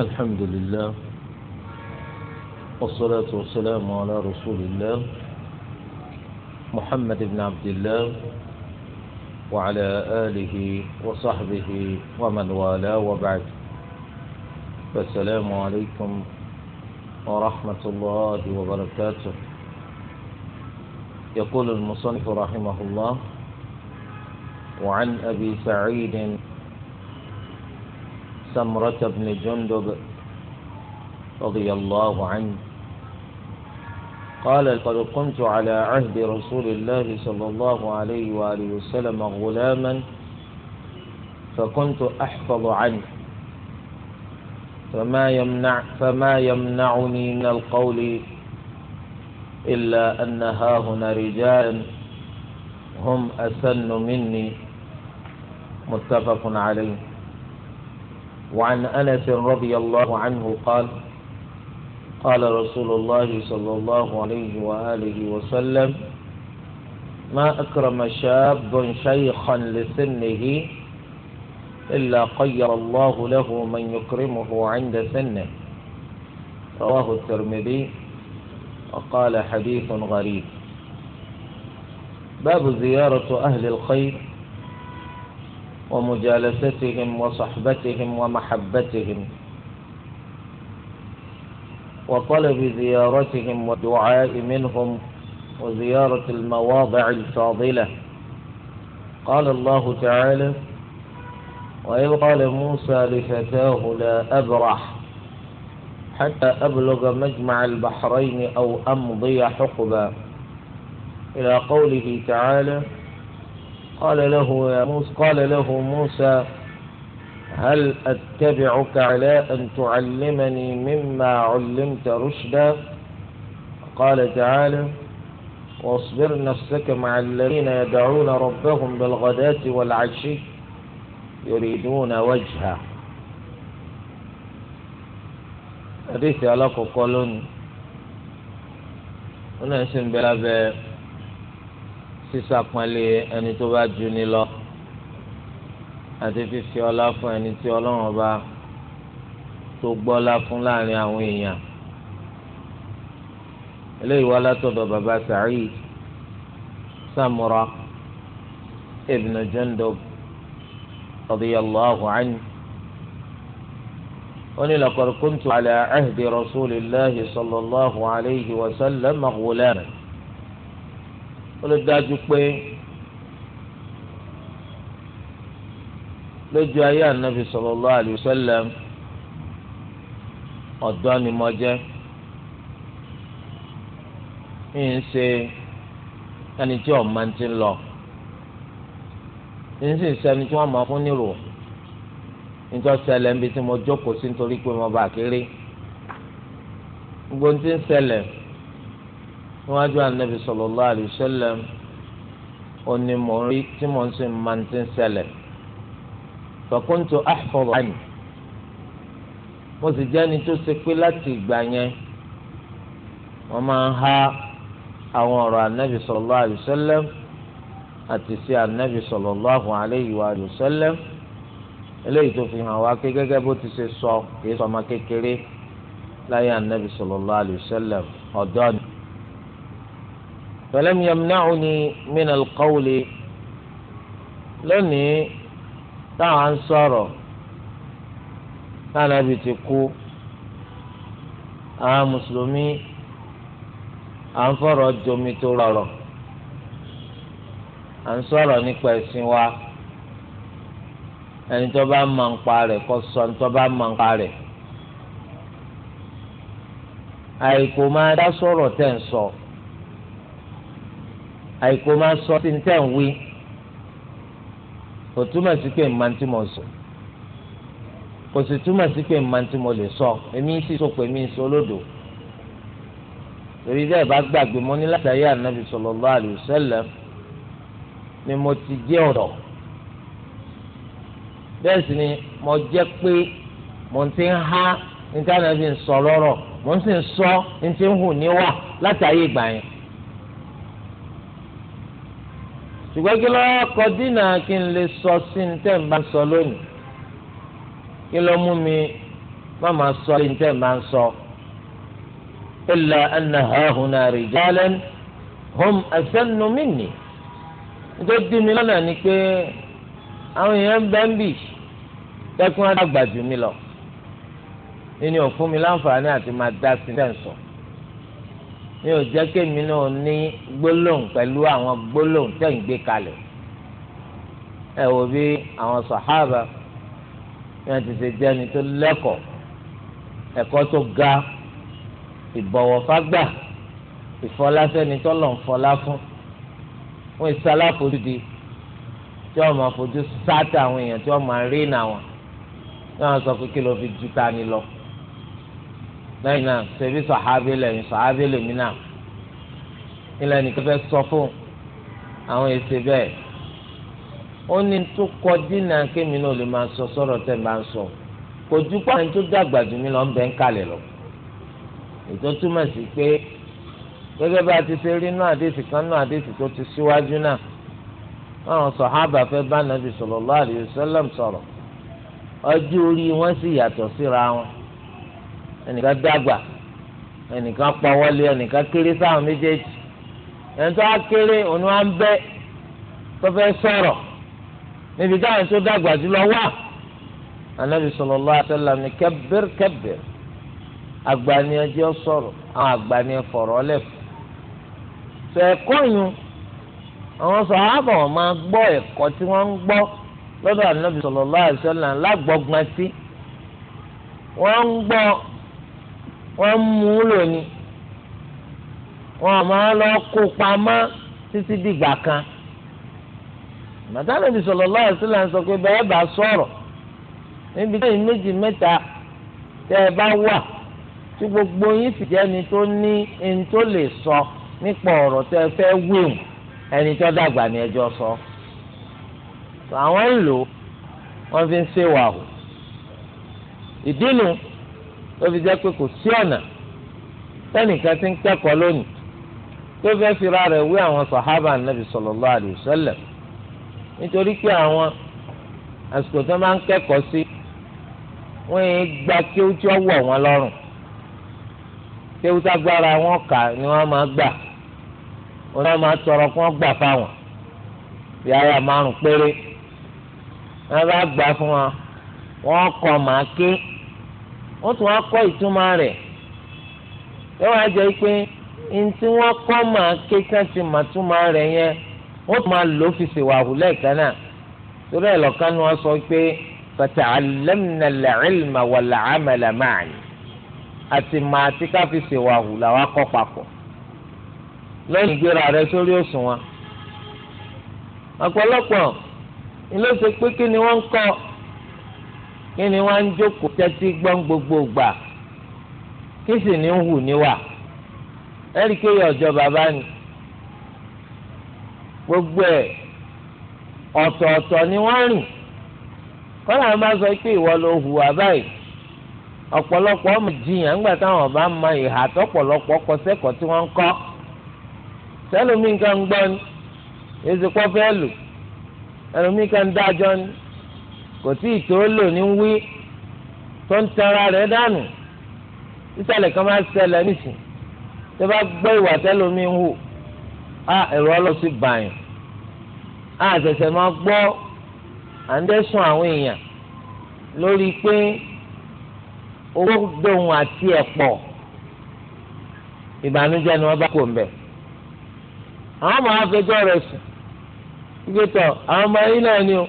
الحمد لله والصلاة والسلام على رسول الله محمد بن عبد الله وعلى آله وصحبه ومن والاه وبعد فالسلام عليكم ورحمة الله وبركاته يقول المصنف رحمه الله وعن أبي سعيد سمرة بن جندب رضي الله عنه قال قد قمت على عهد رسول الله صلى الله عليه وآله وسلم غلاما فكنت أحفظ عنه فما يمنع فما يمنعني من القول إلا أن هاهنا رجال هم أسن مني متفق عليه وعن أنس رضي الله عنه قال قال رسول الله صلى الله عليه وآله وسلم ما أكرم شاب شيخا لسنه إلا قير الله له من يكرمه عند سنه رواه الترمذي وقال حديث غريب باب زيارة أهل الخير ومجالستهم وصحبتهم ومحبتهم وطلب زيارتهم والدعاء منهم وزيارة المواضع الفاضلة قال الله تعالى وإذ قال موسى لفتاه لا أبرح حتى أبلغ مجمع البحرين أو أمضي حقبا إلى قوله تعالى قال له يا موسى قال له موسى هل أتبعك على أن تعلمني مما علمت رشدا قال تعالى واصبر نفسك مع الذين يدعون ربهم بالغداة والعشي يريدون وجهه حديث علاقة قولون هنا اسم بلابه sísàpọ́nlé ẹni tó bá ju ni lọ àti fífi ọlá fún ẹni tí ọlọ́run ọba tó gbọ́lá fún láàrin àwọn èèyàn eléyìí wá látọ̀dọ̀ bàbá Sa'id Samura ibn Jundub radiyallahu anhu oni laqad kuntu ala ahdi rasulillahi sallallahu alayhi wa sallam ghulaman olùdájú pé lójú ayé ànábì sallallahu alaihi wasallam ọ̀dọ́ ni mo jẹ́ mi ń ṣe ẹni tí ọ̀ máa ti ń lọ mi ń sì sẹ́ni tí wọ́n máa fún nírò nítorí ṣẹlẹ̀ níbi tí mo jókòó sí nítorí pé mo bá kéré gbogbo ní ti ń ṣẹlẹ̀ níwájú anabi sallallahu alaihi wasallam òní mò ń rí tí mò ń sì máa ń ti ń ṣẹlẹ̀ fàkóńtò àfọwọ́ àmì mo sì jẹ́ni tó ṣe pé láti ìgbà yẹn wọ́n máa ń há àwọn ọ̀rọ̀ anabi sallallahu alaihi wasallam àti sí anabi sallallahu alaihi wa sallam eléyìí tó fi hàn wá pé gẹ́gẹ́ bó ti ṣe sọ kì í sọ ọmọ kékeré láyé anabi sallallahu alaihi wasallam ni falam yamna'uni min al-qawli lónìí táwọn ń sọ̀rọ̀ táwọn ẹbí ti kú àwọn mùsùlùmí à ń fọ̀rọ̀ jomi tó rọrọ̀ à ń sọ̀rọ̀ nípa ẹ̀sìn wa ẹni tó bá mọ̀ ń pa rẹ̀ kó sọ ẹni tó bá mọ̀ ń pa rẹ̀ àìkò máa dá sọ̀rọ̀ tẹ̀ ń sọ. So àìkò máa sọ sí ní tẹ̀ ń wí kò túmọ̀ sí pé màá tí mo sọ kò sì túmọ̀ sí pé màá tí mo lè sọ èmi sì sọ pé mi sọ lódò torí bẹ́ẹ̀ bá gbàgbé mo ní látàrí ànábì sallallahu alaihi wasallam ni mo ti jẹ́ ọ̀dọ́ bẹ́ẹ̀ sì ni mo jẹ́ pé mo ti ń há níta ànábì ń sọ lọ́rọ̀ mo sì ń sọ ní ti ń hù níwà látàrí ìgbà yẹn. ṣùgbọ́n kí ló kọ dínà kí n lè sọ sí ní tẹ́ ń bá ń sọ lónìí kí ló mú mi má máa sọ ní tẹ́ ń bá ń sọ. illa anna hahuna rijalan hum asannu minni nítorí dí mi lọ́nà ni pé àwọn èèyàn ń ń bì tẹ́kun á jù mí lọ nínú òfin mi láǹfààní àti máa dá sí ní tẹ́ ń sọ mi ò jẹ́ kémi náà ní gbólóhùn pẹ̀lú àwọn gbólóhùn tẹ̀ ń gbé kalẹ̀ ẹ wo bí àwọn sàhábà ní wọn ti ṣe jẹ́ ẹni tó lẹ́kọ̀ọ́ ẹ̀kọ́ tó ga ìbọ̀wọ̀ fágbà ìfọláfẹ́ni tọ́lọ̀ ń fọlá fún wọn ìsáláfojú di tí wọn máa fojú sáátà àwọn èèyàn tí wọn máa rí nà wọn ní wọn sọ pé kí ló fi ju ta ni lọ lẹ́yìn náà ṣebí sọ̀hábí lẹ́yìn sọ̀hábí lèmi náà ilẹ̀ nìkan fẹ́ sọ fún àwọn èsì bẹ́ẹ̀ ó ní tó kọ dínà kémi náà lè máa sọ sọ̀rọ̀ tẹ̀ máa ń sọ kò ju pàrọ̀ tó dàgbà jù mí lọ ń bẹ́ ń kalẹ̀ lọ ètò túmọ̀ sí pé gẹ́gẹ́ bá a ti ṣe rí inú àdéhìí kan inú àdéhìí tó ti síwájú náà àwọn sọ̀hábà fẹ́ bá nàbì sallallahu alaihi wasallam sọ̀rọ̀ ọjọ́ orí wọn sì yàtọ̀ síra wọn ẹnìkan dàgbà ẹnìkan pọwọlé ẹnìkan kéré sáwọn méjèèjì ẹni tó á kéré òun á ń bẹ tó fẹ́ sọ̀rọ̀ níbi táwọn tó dàgbà jùlọ wà anabi sallallahu alaihi wasallam ni kabbir kabbir agbaniẹjẹ sọ̀rọ̀ àwọn agbaniẹ fọ̀rọ̀ lẹfọ sọ ẹ̀kọ́ yìí àwọn sọ ààbọ̀ wọn máa gbọ́ ẹ̀kọ́ tí wọ́n ń gbọ́ lọ́dọ̀ anabi sallallahu alaihi wasallam lágbọ́gbọ́n sí wọ́n ń gbọ́ wọ́n mú un lónìí wọn máa lọ kó pamọ́ títí dìgbà kan màtánàbí sọlọ lọ́wọ́ là ń sọ pé bẹ́ẹ̀ bá sọ̀rọ̀ níbi tí ẹ̀yin méjì mẹ́ta tẹ́ ẹ bá wà tí gbogbo yín sì ẹni tó ní sọ nípa ẹ dàgbà ní sọ. àwọn ń lò fi ń ló fi jẹ́ pé kò sí ọ̀nà tẹ́nìkan ti ń kẹ́kọ̀ọ́ lónìí tó fẹ́ fira rẹ̀ wé àwọn sàhábà nàbì sallallahu alaihi wasallam nítorí pé àwọn àsìkò tó máa ń kẹ́kọ̀ọ́ sí wọ́n yẹn gba kéwú tí ó wọ̀ wọ́n lọ́rùn kéwú tágbára wọn kà ni wọ́n máa gbà wọ́n náà máa tọrọ kí wọ́n fáwọn bí ara márùn péré wọ́n bá gbà fún wọn wọ́n kọ́ màá ké wọ́n tún wá kọ́ ìtumọ̀ rẹ̀ yóò wá jẹ́ pé ní tí wọ́n kọ́ máa ké tán ti mà túmọ̀ rẹ̀ yẹn wọ́n tún máa lò ó fi ṣèwà àwùlẹ̀ kan náà torí ẹ̀ lọ́kàn ni wọ́n sọ pé fata'allamna al-ilma wal-amala ma'an àti màá ti ká fi ṣèwà àwùlà wa kọ́ papọ̀ lẹ́yìn ìgbéra rẹ sórí òṣùwọ̀n ọ̀pọ̀lọpọ̀ ilé ṣe pé kí ni wọ́n ń kọ́ ọ kí ni wọ́n ń jókòó tẹ́tí gbọ́n gbogbo gbà kí sì ní hù níwà ẹ̀rí kéye ọ̀jọ́ bàbá ni gbogbo ẹ̀ ọ̀tọ̀ọ̀tọ̀ ni wọ́n rìn kọ́lá ẹ̀ máa sọ pé ìwọ ló hùwà báyìí ọ̀pọ̀lọpọ̀ ọmọ jiyàn ńgbà táwọn bá mọ ìhà tọ́pọ̀lọpọ̀ kọsẹ́kọ̀ọ́ tí wọ́n ń kọ́ sẹ́lómi nǹkan ń gbọ́ ni èsì pọ́ fẹ́ lò ẹlòmíì dájọ́ ni kò tí ì tó lò ní wí tó ń tara rẹ̀ dànù sísàlẹ̀ kan máa ṣẹlẹ̀ nìsín tó bá gbọ́ ìwà tẹ́lómi ń hù á ẹ̀rọ ọlọ́sí bàyàn á ṣẹ̀ṣẹ̀ máa gbọ́ à ń dẹ́sùn àwọn èèyàn lórí pé owó gbóhùn àti ẹ̀pọ̀ ìbànújẹ́ ni wọ́n bá kò ń bẹ̀. àwọn ọmọ afẹjọ́ rẹ̀ sùn gbẹ́tọ̀ àwọn ọmọ yìí náà ni o.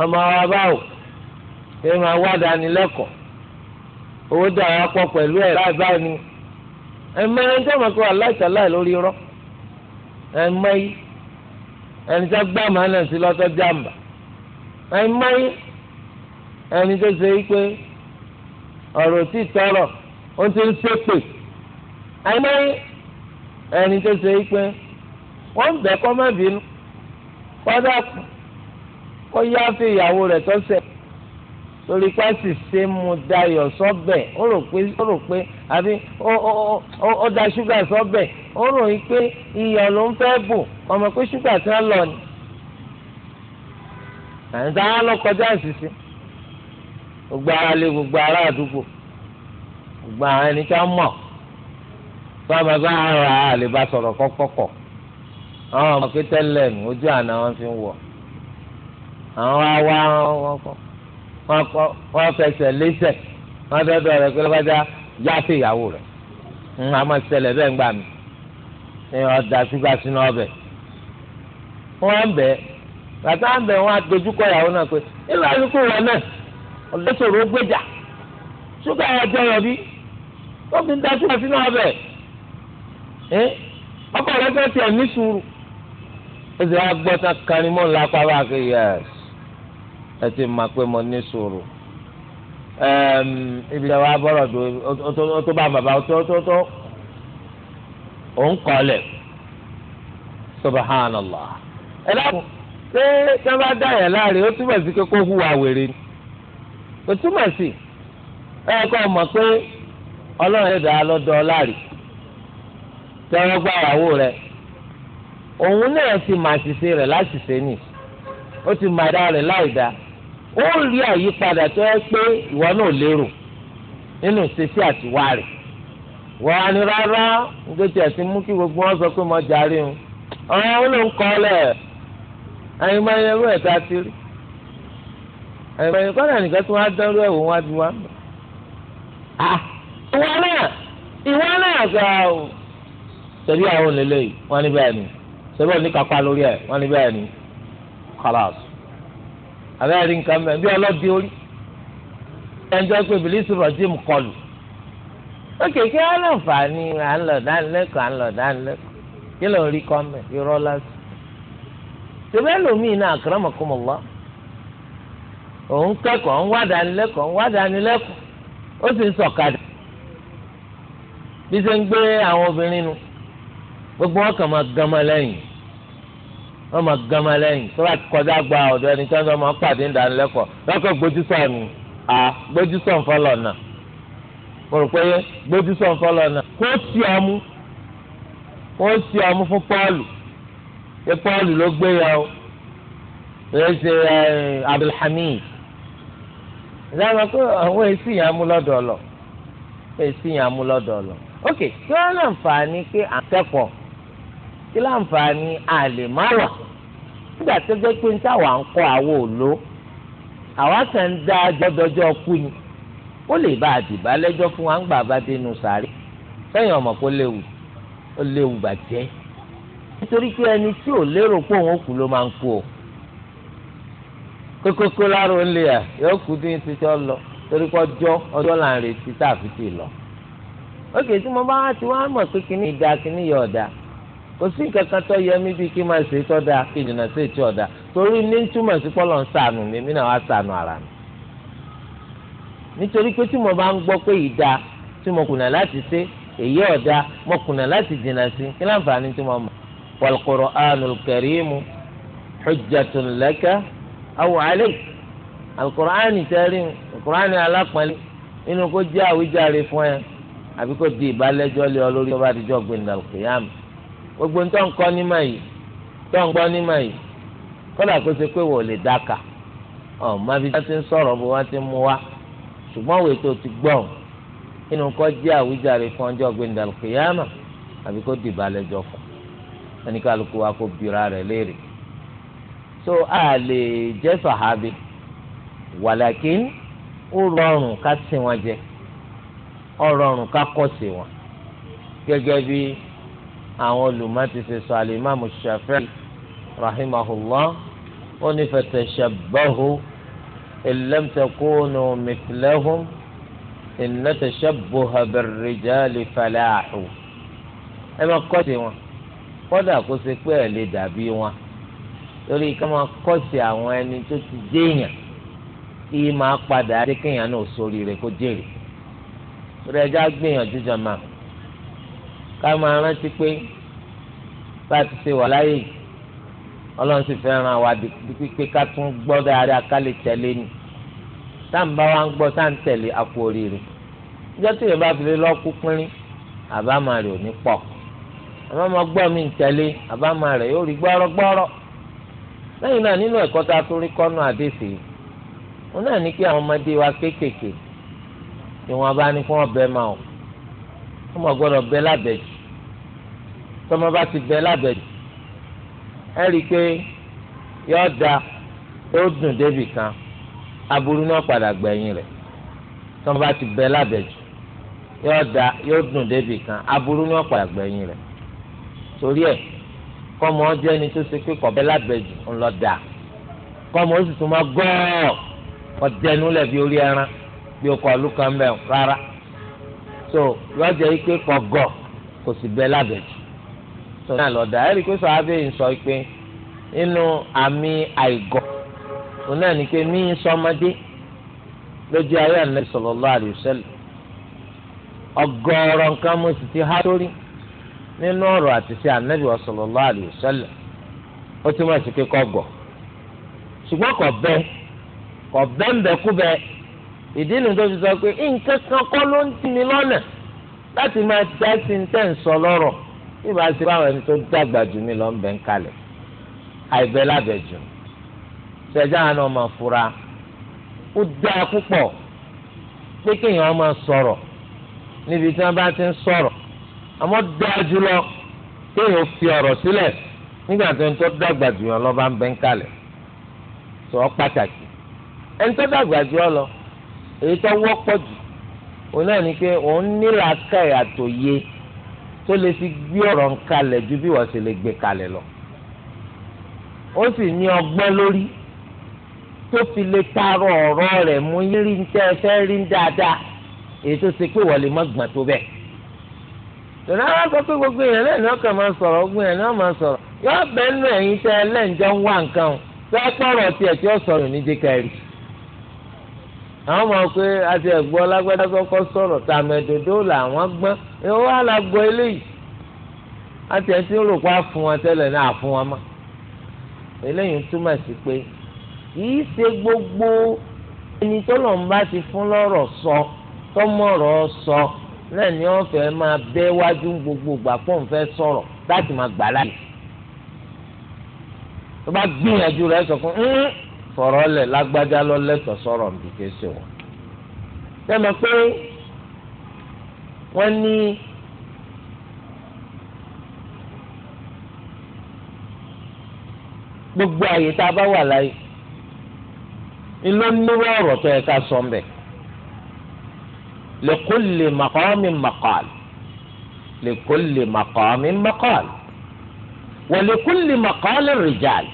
àmọ́ àwa báwò ṣé máa wá dánilẹ́kọ̀ọ́ owó dà wá pọ̀ pẹ̀lú ẹ̀ láì báyìí ni ẹ̀mọ ẹni tí wọ́n kọ́ aláìsàláì lórí irọ́ ẹ̀mọ yìí ẹni tí gbá màá nà sí lọ́tọ́ yìí ẹni tó tọrọ ó ti ń ṣépè ẹ̀mọ yìí ẹni tó ṣe yí pé wọ́n ń bẹ̀ kọ́ kó yááfẹ́ ìyàwó rẹ̀ tọ́sẹ̀ torí pa ṣìṣe mu dayọ̀ sọ́bẹ̀ ó rò pé ó rò pé àbí ó da ṣúgà sọ́bẹ̀ ó rò yí pé iyọ̀ ló ń fẹ́ bù ọmọ pé ṣúgà tí wọ́n lọ ni àyìntà á lọ kọjá ṣìṣe gbogbo ara lé gbogbo ara àdúgbò gbogbo àwọn ẹni tí wọ́n mọ̀ bá bàbá ara àlè bá sọ̀rọ̀ kọ́kọ́kọ́ àwọn ọmọ pé tẹ́lẹ̀ ní ojú àná wọn fi ń wọ̀ àwọn wá wá wọn fẹsẹ̀ lẹ́sẹ̀ wọn dọ́dọ̀ rẹ̀ pé lọ́kọ́já yá sí ìyàwó rẹ̀ ń hmm, àmọ́ ṣẹlẹ̀ bẹ́ẹ̀ ń gbà mí ní ọ̀dà ṣúgà sínú ọbẹ̀ wọn ń bẹ̀ bàtà ń bẹ̀ wọn àdójúkọ ìyàwó náà pé nígbà tó kú wọn náà ọ̀lẹ́sọ̀rọ̀ gbèjà ṣúgà yẹn jẹyọ bí ó fi ń da ṣúgà sínú ọbẹ̀ ọkọ̀ rẹ̀ fẹ́ tiẹ̀ ní sùúrù ó sì wá gbọ́ tá karimọ́ ńlá pa wá kéèyàn. ẹ ti máa pé mo ní sùúrù ibi tí wàá bọ̀rọ̀ tó o tó bá bàbá o tó tó tó o ń kọ́lẹ̀ subhanallah ẹ dákun ṣé tí wọ́n bá dá yẹn láàrin ó túmọ̀ sí kókó hùwà wèrè ni kò túmọ̀ sí ẹ kọ́ ọ mọ̀ pé ọlọ́run lọ́dọ̀ láàrin wọ́n òun náà ti rẹ̀ ó ti dá ó rí àyípadà tó yẹ pé ìwọ náà lérò nínú ìṣesí àtiwá rẹ̀ wọ́n á ní rárá nítorí ẹ̀sìn mú kí gbogbo wọn sọ pé mo jàre o ọ̀rọ̀ wọn ló ń kọ́ lẹ̀ ẹ̀yin máa ń yẹ ewé ẹ̀ta ti rí ẹ̀yin máa ń yẹ kọ́nà nìkan tí wọ́n á dánrú ẹ̀wọ̀n wá ju wá mọ̀ ìwọ náà ìwọ náà sọ ọ ṣebí àwọn olè lè wọ́n ní bẹ́ẹ̀ ni ṣebí oníkàpá lórí ẹ̀ wọ́n ní bẹ́ẹ̀ ni kọ́lá abẹ́rẹ́ rí nǹkan mẹ́rin bí ọlọ́dẹ orí ẹnjọ́ pé bìlísì rọ̀jìm kọlù ókè kí á lọ fà ní à ń lọ dánilẹ́kọ̀ọ́ à ń lọ dánilẹ́kọ̀ọ́ kí ló ń rí kọ́ mẹ́ irọ́ lásán tẹ́lẹ̀ lómìn náà àkàràmọ̀kọ́mọ̀lá òun kẹ́kọ̀ọ́ ń wá dánilẹ́kọ̀ọ́ ń wá dánilẹ́kọ̀ọ́ ó sì ń sọ̀kadà bí ṣe ń gbé àwọn obìnrin nu gbogbo wọn kàn máa gan mọ́ lẹ́yìn wọ́n máa gama lẹ́yìn tó bá kọjá gba ọ̀dọ̀ ẹni tó ń sọ máa pàdé ìdánilẹ́kọ̀ọ́ lọ́kọ̀ gbójúsọ̀ ni à gbójúsọ̀ ń fọlọ̀ náà mo rò pé gbójúsọ̀ ń fọlọ̀ náà kó sí ọmú kó sí ọmú fún pọ́ọ̀lù pé pọ́ọ̀lù ló gbé yà ó èyí ṣe abdulhamid ìdáná pé àwọn èsì yẹn amú lọ́dọ̀ ọ̀lọ́ èsì yẹn amú lọ́dọ̀ ọ̀lọ́ ok kí wọ́n náà fà á ní pé àkẹ́kọ̀ọ́ kí láǹfààní àlè má wà nígbà tó jẹ́ pé táwa ń kọ́ àwo òló àwa kàn ń dá jọ́dọ́jọ́ kú ni ó lè bá àdìbá lẹ́jọ́ fún wa ń gbà bá dénú sàárè sẹ́yìn ọmọ kó léwu ó léwu bàjẹ́ nítorí pé ẹni tí ò lérò pé òun ó ló máa ń kú o kókókó lárò ń lè à yóò kú dín títí ọlọ torí kọ́ jọ́ ọjọ́ là ń retí tá a fi ti lọ. ó kè tí mo bá wá ti wá mọ̀ pé kíní ìdá kíní yọ̀ ọ̀dà kò sí nǹkan kan tó yẹ mí bíi kí n máa ṣe tó dáa kí n sí ètò ọ̀dà torí ní túmọ̀ sí pọ́lọ̀ ń sànù mi mí náà wá ara mi. nítorí pé tí mo bá ń gbọ́ pé èyí dáa tí mo kùnà láti ṣe èyí ọ̀dà mo kùnà láti sí kí láǹfààní Karimu kó gbogbo ń tọ́ ń kọ́ nímọ̀ yìí tọ́ ń gbọ́ nímọ̀ yìí kọ́dà kó ṣe pé wò lè dáka ọ̀ má bí wọ́n ti ń sọ̀rọ̀ bó wọ́n ti ń mú wa ṣùgbọ́n òwe tó ti gbọ́ nínú kọ́ jẹ́ àwíjàre fún ọjọ́ gbẹ̀ndàlù kìyàmà àbí kó dìbò alẹ́ jọ fún ẹni kálukú wa kó bira rẹ̀ léèrè so a lè jẹ́ sàhábì wàlàkín ó rọrùn ká sìn wọn jẹ ó rọrùn ká kọ́ sí wọn gẹ́gẹ́ bíi àwọn olùmọ̀ ti ṣe sọ alimami shafi'i rahimahullah ó ní fatashabbahu illam takunu mithlahum inna tashabbuha birrijali falahu ẹ máa kọ́ sí wọn kódà kó ṣe pé ẹ̀ lè dàbí wọn lórí ká máa kọ́ àwọn ẹni tó ti déèyàn kí máa padà adékèyàn náà sórí rẹ̀ kó jèrè rẹ̀ já gbìyànjú jọ máa ká máa rántí pé bá a ti ṣe wà láyé yìí ọlọ́run sì fẹ́ràn wa di pípé ká tún gbọ́ dáadáa ká lè tẹ̀lé ni táǹbá wa ń gbọ́ táǹ tẹ̀lé àpò oríire níjọ́ tí yorùbá fi lé lọ́kú pínrín àbámà rẹ̀ ò ní pọ̀ àbámà gbọ́ mi ń tẹ̀lé àbámà rẹ̀ yóò rí gbọ́rọ́gbọ́rọ́ lẹ́yìn náà nínú ẹ̀kọ́ tá a tún rí kọ́nù àdéṣe òun náà ní kí àwọn ọmọdé wa kéékèèké tí wọ́n bá ní fún ọbẹ̀ máa ọmọ gbọ́dọ̀ bẹ lábẹ́jù tọmọ bá ti bẹ lábẹ́jù ẹ rí i pé yọ da ó dùn débì kan aburú náà padà gbẹ̀yìn rẹ̀ tọmọ bá ti bẹ lábẹ́jù yọ da yóò dùn débì kan aburú náà padà gbẹ̀yìn rẹ̀ torí ẹ̀ kọ́mọ ọjọ́ ẹni tó ṣe pé kọ̀bẹ́ lábẹ́jù ńlọ da kọ́mọ ó sì tún máa gbọ́ọ̀ ọ̀dẹnulẹ̀ bí orí ẹran bí o kọ̀ ọ̀lú kan bẹ̀ rárá. so lọ́jọ́ yìí pé kọ̀gọ̀ kò sì bẹ́ lábẹ́jù tó náà lọ́dà ẹ̀rí pé sọ abẹ́yìn sọ pé nínú àmì àìgọ̀ òun náà ní pé mí sọmọdé lójú ayé Ànábì sallallahu alaihi ọgọ́rọ̀ nǹkan mo sì ti há sórí nínú ọ̀rọ̀ àti sí Ànábì sallallahu alaihi sí pé ṣùgbọ́n kọ̀ bẹ́ẹ̀ kọ̀ bẹ́ẹ̀ ń bẹ́ẹ̀ kú bẹ́ẹ̀ ìdí nu tó fi sọ pé nǹkan kan kọ́ ló ń tì mí lọ́nà láti máa dá sí ní tẹ̀ ń sọ lọ́rọ̀ bí màá mí ń kalẹ̀ àìbẹ́ lábẹ́ jù ṣẹjá ọmọ fura ó dáa púpọ̀ pé kéèyàn sọ̀rọ̀ bá ti ń sọ̀rọ̀ dáa kéèyàn fi ọ̀rọ̀ sílẹ̀ nígbà tó ń bá ń ń pàtàkì ẹni tó dàgbà ọ lọ èyí tó wọ́pọ̀ jù òun náà ni pé òun ní làákàyè àtòyé tó lè fi gbé ọ̀rọ̀ ń kalẹ̀ ju bí wọ́n ṣe lè gbé kalẹ̀ lọ ó sì ní ọgbọ́n lórí tó fi lè taarọ ọ̀rọ̀ rẹ̀ mú yírí ń tẹ́ ẹ fẹ́ rí ń dáadáa èyí tó ṣe pé wọ́n lè má gbọ́n tó bẹ́ẹ̀ tòun àwọn akọ pé gbogbo èèyàn náà ni ọkàn máa sọ̀rọ̀ gbogbo èèyàn náà máa sọ̀rọ̀ yọ ọbẹ̀ nù ẹ̀yìn tẹ́ ẹ lẹ́ǹjọ́ ń wá nǹkan o àwọn mọ̀ pé àti ẹ̀gbọ́n lágbádá kọkọ sọ̀rọ̀ tàmẹ̀dòdó làwọn gbọ́n ìwọ wà lágbo eléyìí àti ẹ̀ tí ń rò pa fún wọn náà fún wọn mọ́ eléyìí túmọ̀ sí pé kìí ṣe gbogbo ẹni tọ́lọ́run bá sọ tọ́mọ̀rọ̀ sọ náà ni wọ́n fẹ́ máa bẹ́ wájú gbogbo ìgbà pọ̀ ń fẹ́ sọ̀rọ̀ bá gbìyànjú rẹ sọ fún un fọ̀rọ̀ lẹ̀ lágbájá lọ lẹ́tọ̀ọ́ sọ̀rọ̀ nbí kéṣe wọn. sẹ́mi pé wọ́n ní gbogbo àyè tá a bá wà láyé ńlọ níwọ̀ ọ̀rọ̀ tó yẹ ká sọ mbẹ̀ lèkólè màkàmì màkàl lèkólè màkàmì màkàl wọ̀lẹ̀kólè màkàl rìjàl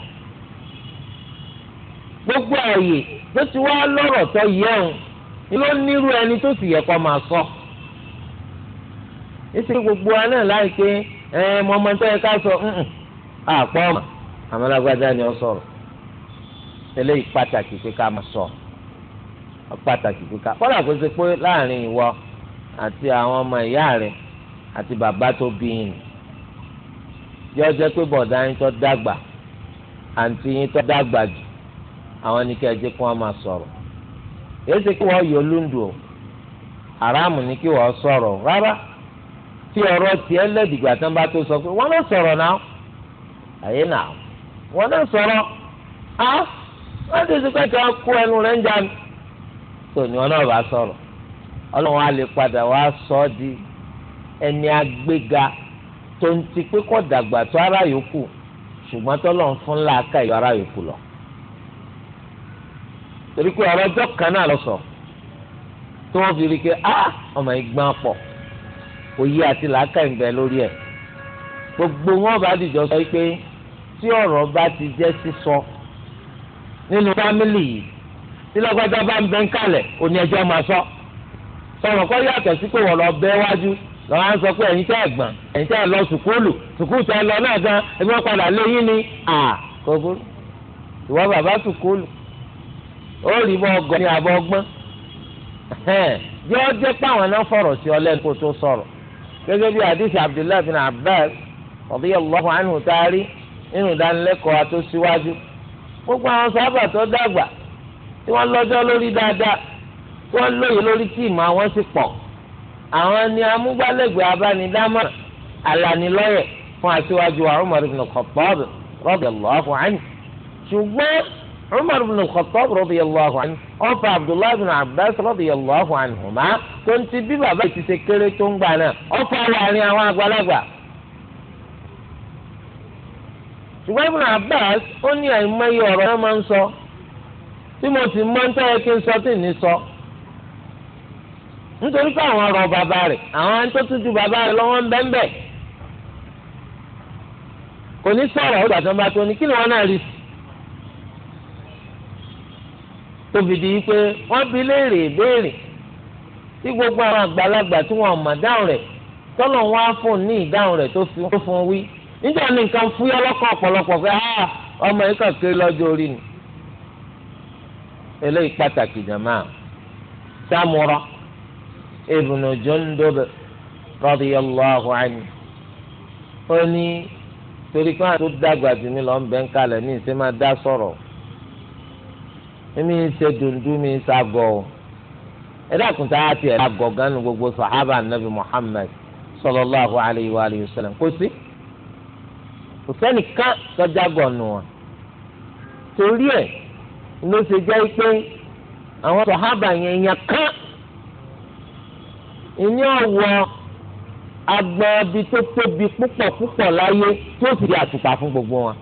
gbogbo ààyè tó ti wá lọ́rọ̀ tó yẹ òun ni ló nírú ẹni tó sì yẹ kó máa sọ. nítorí gbogbo wa náà láì pé ẹ mọ ọmọ tó yẹ ká sọ àpọ̀ ọmọ àmàlágbádá ni ó sọ̀rọ̀ eléyìí pàtàkì pé ká máa sọ pàtàkì pé ká kọ́lá kó ṣe pé láàrin ìwọ àti àwọn ọmọ ìyá rẹ àti bàbá tó bí yìnyín yọ jẹ́ pé bọ̀dá yín tó dàgbà àǹtí yín tó dàgbà jù àwọn ni kí ẹ jẹ́ kí wọ́n máa sọ̀rọ̀ èsì kí wọ́n yọ o ni kí wọ́n sọ̀rọ̀ rárá tí ọ̀rọ̀ tiẹ̀ lẹ́dìgbà tán bá tó sọ pé wọ́n lọ sọ̀rọ̀ náà àyè náà wọ́n lọ sọ̀rọ̀ á wọ́n ti sùpẹ́ kí wọ́n kó ẹnu ń tó ni wọ́n náà bá sọ̀rọ̀ ọlọ́run á lè padà di ẹni agbéga tó ń ti pé kọ́ dàgbà tó ara yòókù ṣùgbọ́n fún ara yòókù lọ. torí pé ọ̀rọ̀ ọjọ́ kan náà lọ sọ tí wọ́n fi rí i pé ah ọmọ yìí gbọ́n pọ̀ òye àti làákà ń bẹ lórí ẹ̀ gbogbo wọn bá dìjọ sọ pé tí ọ̀rọ̀ bá ti jẹ́ sísọ nínú fámìlì yìí tí lọ́gbàjá bá ń bẹ ń kalẹ̀ òní ẹjọ́ máa sọ sọ̀rọ̀ kọ́ yàtọ̀ sí pé wọ́n lọ bẹ́ wájú lọ́wọ́ sọ pé ẹ̀yin tẹ́ ẹ̀gbọ́n ẹ̀yin tẹ́ ẹ lọ sùkúlù sùkúlù tẹ́ ẹ lọ náà gan ẹgbẹ́ padà lé yín ni à kò ìwọ bàbá sùkúlù ó rí bọ́ ọgọ́ ní abọ́ ọgbọ́n yóò jẹ́ páwọn náà fọ̀rọ̀ sí ọ kó tó sọ̀rọ̀ gẹ́gẹ́ bí hadith abdullahi bin abbas radiyallahu anhu taari nínú ìdánilẹ́kọ̀ọ́ àtó síwájú gbogbo àwọn sábà tó dàgbà tí wọ́n lọ́jọ́ lórí dáadáa tí wọ́n lóye lórí tí àwọn sì pọ̀ àwọn ni amúgbálẹ́gbẹ̀ẹ́ alánilọ́yẹ̀ fún ṣùgbọ́n umar bin al-khattab radiyallahu anhu ọfà abdullahi bin abbas radiyallahu anhuma tó ń ti bí bàbá yìí ti ṣe kéré tó ń gbà náà ọfà láàrin àwọn àgbàlagbà. ṣùgbọ́n ibùn abbas ó ní àìmọye ọ̀rọ̀ náà máa ń sọ tí mo sì mọ nítorí ẹ kí n sọ tí ì ní sọ. nítorí pé àwọn ọ̀rọ̀ bàbá rẹ̀ àwọn ẹni tó tún ju bàbá rẹ̀ lọ́wọ́ ń bẹ́ńbẹ́ kò ní sọ̀rọ̀ ó gbà tó ń bá tó ní kí ni wọ́n náà rí sí tóbi di pé wọ́n bi léèrè ìbéèrè tí gbogbo àwọn àgbàlagbà tí wọ́n mọ̀ dáhùn rẹ̀ tọ́lọ̀ wọn á fún ní ìdáhùn rẹ̀ tó fún wí níjọ́ ní nǹkan fúyọ́ lọ́kọ̀ ọ̀pọ̀lọpọ̀ pé ah, ọmọ yìí kàn kéré lọ́jọ́ orí ni eléyìí pàtàkì jàmá Samura ibn Jundub radiyallahu anhu ó ní torí kan tó dàgbà jù mí lọ ń bẹ́ ń kalẹ̀ ní ìsẹ́ máa dá sọ̀rọ̀ mímí ṣe dundun mi ṣàgọ̀ o ẹ̀dá kùtà àti ẹ̀dá gọ̀gánu gbogbo sàhábà nàbì Muhammad sallallahu alayhi wa alihi wa sallam kò sí kò sẹ́nìkan tọ́jà gọ̀nù wọn torí ẹ̀ ló ṣe jẹ́ pé àwọn sàhábà yẹn yẹn kán ìyẹn ọ̀wọ́ agbọ́bi tó tóbi púpọ̀ púpọ̀ láyé tó sì di àtùpà fún gbogbo wọn.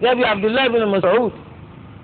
gẹ́gẹ́ Abdullahi bin Mas'ud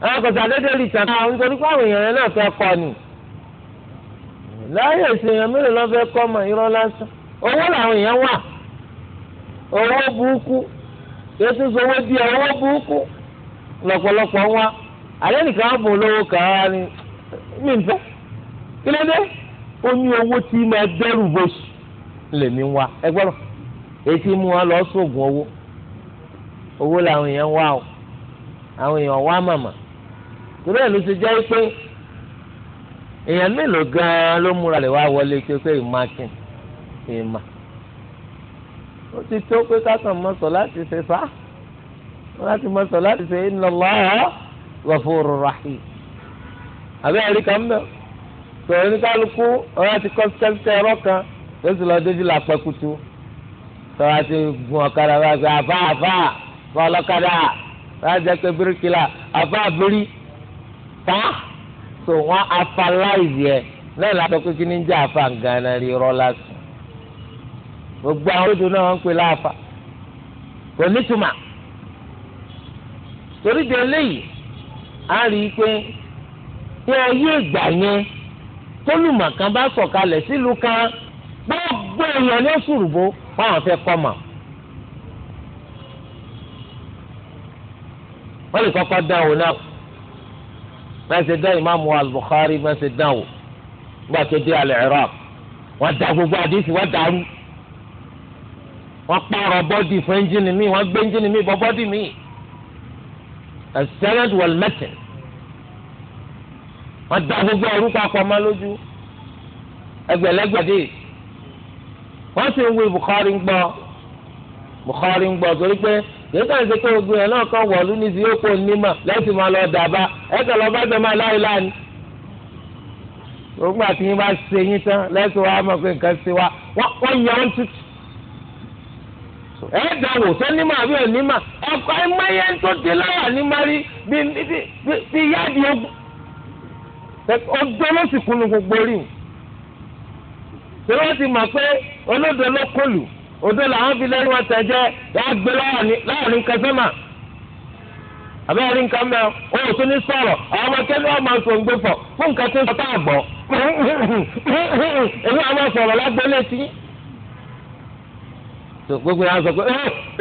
àwọn kò sàdédé rí ìtàn kan nítorí pé àwọn èèyàn náà fẹ́ kọ́ ni láyé ẹ̀sìn èèyàn mélòó lọ́ fẹ́ kọ́ mọ̀ irọ́ lásán owó làwọn èèyàn wà owó burúkú yóò tún owó owó burúkú wá nìkan kàá ni mí n fẹ́ kí owó tí dẹ́rù wá lọ sóògùn owó owó làwọn torí ẹ̀ ló ṣe jẹ́ pé èèyàn mélòó gan-an ló múra lè wá wọlé pé pé ìmọ̀ akin ìmọ̀ ó ti tó pé kákan mọ sọ láti ṣe fa láti mọ sọ láti ṣe inna Allaha ghafurur rahim àbí ẹ̀rí kan mẹ́ sọ̀rọ̀ ní kálukú ọ̀rọ̀ ti kọ́ ẹ̀rọ kan ó sì lọ débi là pẹ́kutu sọ̀rọ̀ àti gun ọ̀kadà bá gbé àbá àbá fọlọ́kadà bá jẹ́ pé bíríkìlà àbá bírí tá so wọ́n afáláìsì ẹ̀ náà látọ̀ pé kí ní jẹ́ àfa gánà rí rọ́lá sùn gbogbo àwọn olódò náà wọ́n ń pè láàfa kò nítumà torí de eléyìí a rí i pé ní ayé ìgbà yẹn tólùmọ̀kan bá sọ̀kalẹ̀ sílùú kan gbogbo èèyàn ní sùrùbó báwọn fẹ́ kọ́ mọ̀. wọ́n lè kọ́kọ́ dán òun náà má ṣe dán ìmáàmù al-Bukhari má ṣe dán o nígbà tó dé al-Iraq wọ́n da gbogbo àdìsí wọ́n dàrú wọ́n pààrọ̀ bọ́dì fún ẹ́ńjìnì míì wọ́n gbé ẹ́ńjìnì míì bọ́ bọ́dì míì as-sanad wal-matn wọ́n da gbogbo ẹrú papọ̀ lójú ẹgbẹ̀lẹ́gbẹ̀dì wọ́n sì ń wí Bukhari ń gbọ́ Bukhari ń gbọ́ torí pé yìí kàn ṣe pé ogun yẹn náà kàn wọ̀lú ní ti yóò kó onímọ̀ lẹ́sìn máa lọ dàbá ẹ̀kẹ́ lọ bá jọ máa láyé láàánú. gbogbo àti yín bá ṣe yín tán lẹ́sìn wa mọ̀ pé nǹkan ṣe wa wọ́n yẹ ọ́n tútù. ẹ̀ dànwó tó nímọ̀ àbí onímọ̀ ọkọ̀ ẹ̀ mọ́yé tó di láyà ní mari bí yáàdì ogun. ọjọ́ ló sì kúnnu gbogbo rí. tí wọ́n ti mọ̀ pé olódò ló kọlù. òdo làwọn fi lẹ́yìn wọn tẹ̀ jẹ́ wọ́n gbé láàrin kẹsẹ́mà àbẹ́rẹ́ nǹkan mẹ́ o ò tún ní sọ̀rọ̀ àwọn ọmọ kẹ́mi ọmọ sòǹgbò fọ̀ fún nǹkan tó sọ́tà àgbọ̀ èmi àwọn sọ̀rọ̀ lágbélé sí. gbogbo yẹn sọ pé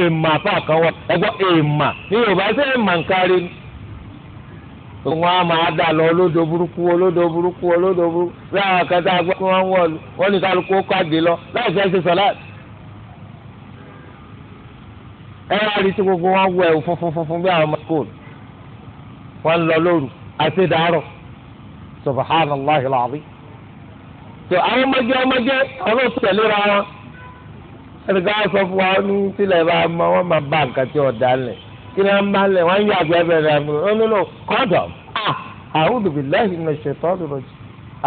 èèmà apá kan wọ èèmà ní Yorùbá sí èèmà ni. máa dà lọ olódo burúkú olódo burúkú olódo burúkú lọ láì ẹ wá rí tí gbogbo wọn wọ ẹ̀wù funfun funfun bí àwọn ọmọ skool wọn lọ lóru àti dàárọ̀ subhanallahi alazim tó àwọn ọmọge ọmọge àwọn ò tẹ̀léra wọn ẹni ká sọ fún wa ní tílẹ̀ bá mọ wọn máa bá nǹkan tí ọ̀dà lẹ̀ kí ni wọn bá lẹ̀ wọn yà gbẹ bẹ̀rẹ̀ àmì ọ̀nùnù kọ́dọ̀ ah, a'udhu billahi minash shaitanir rajim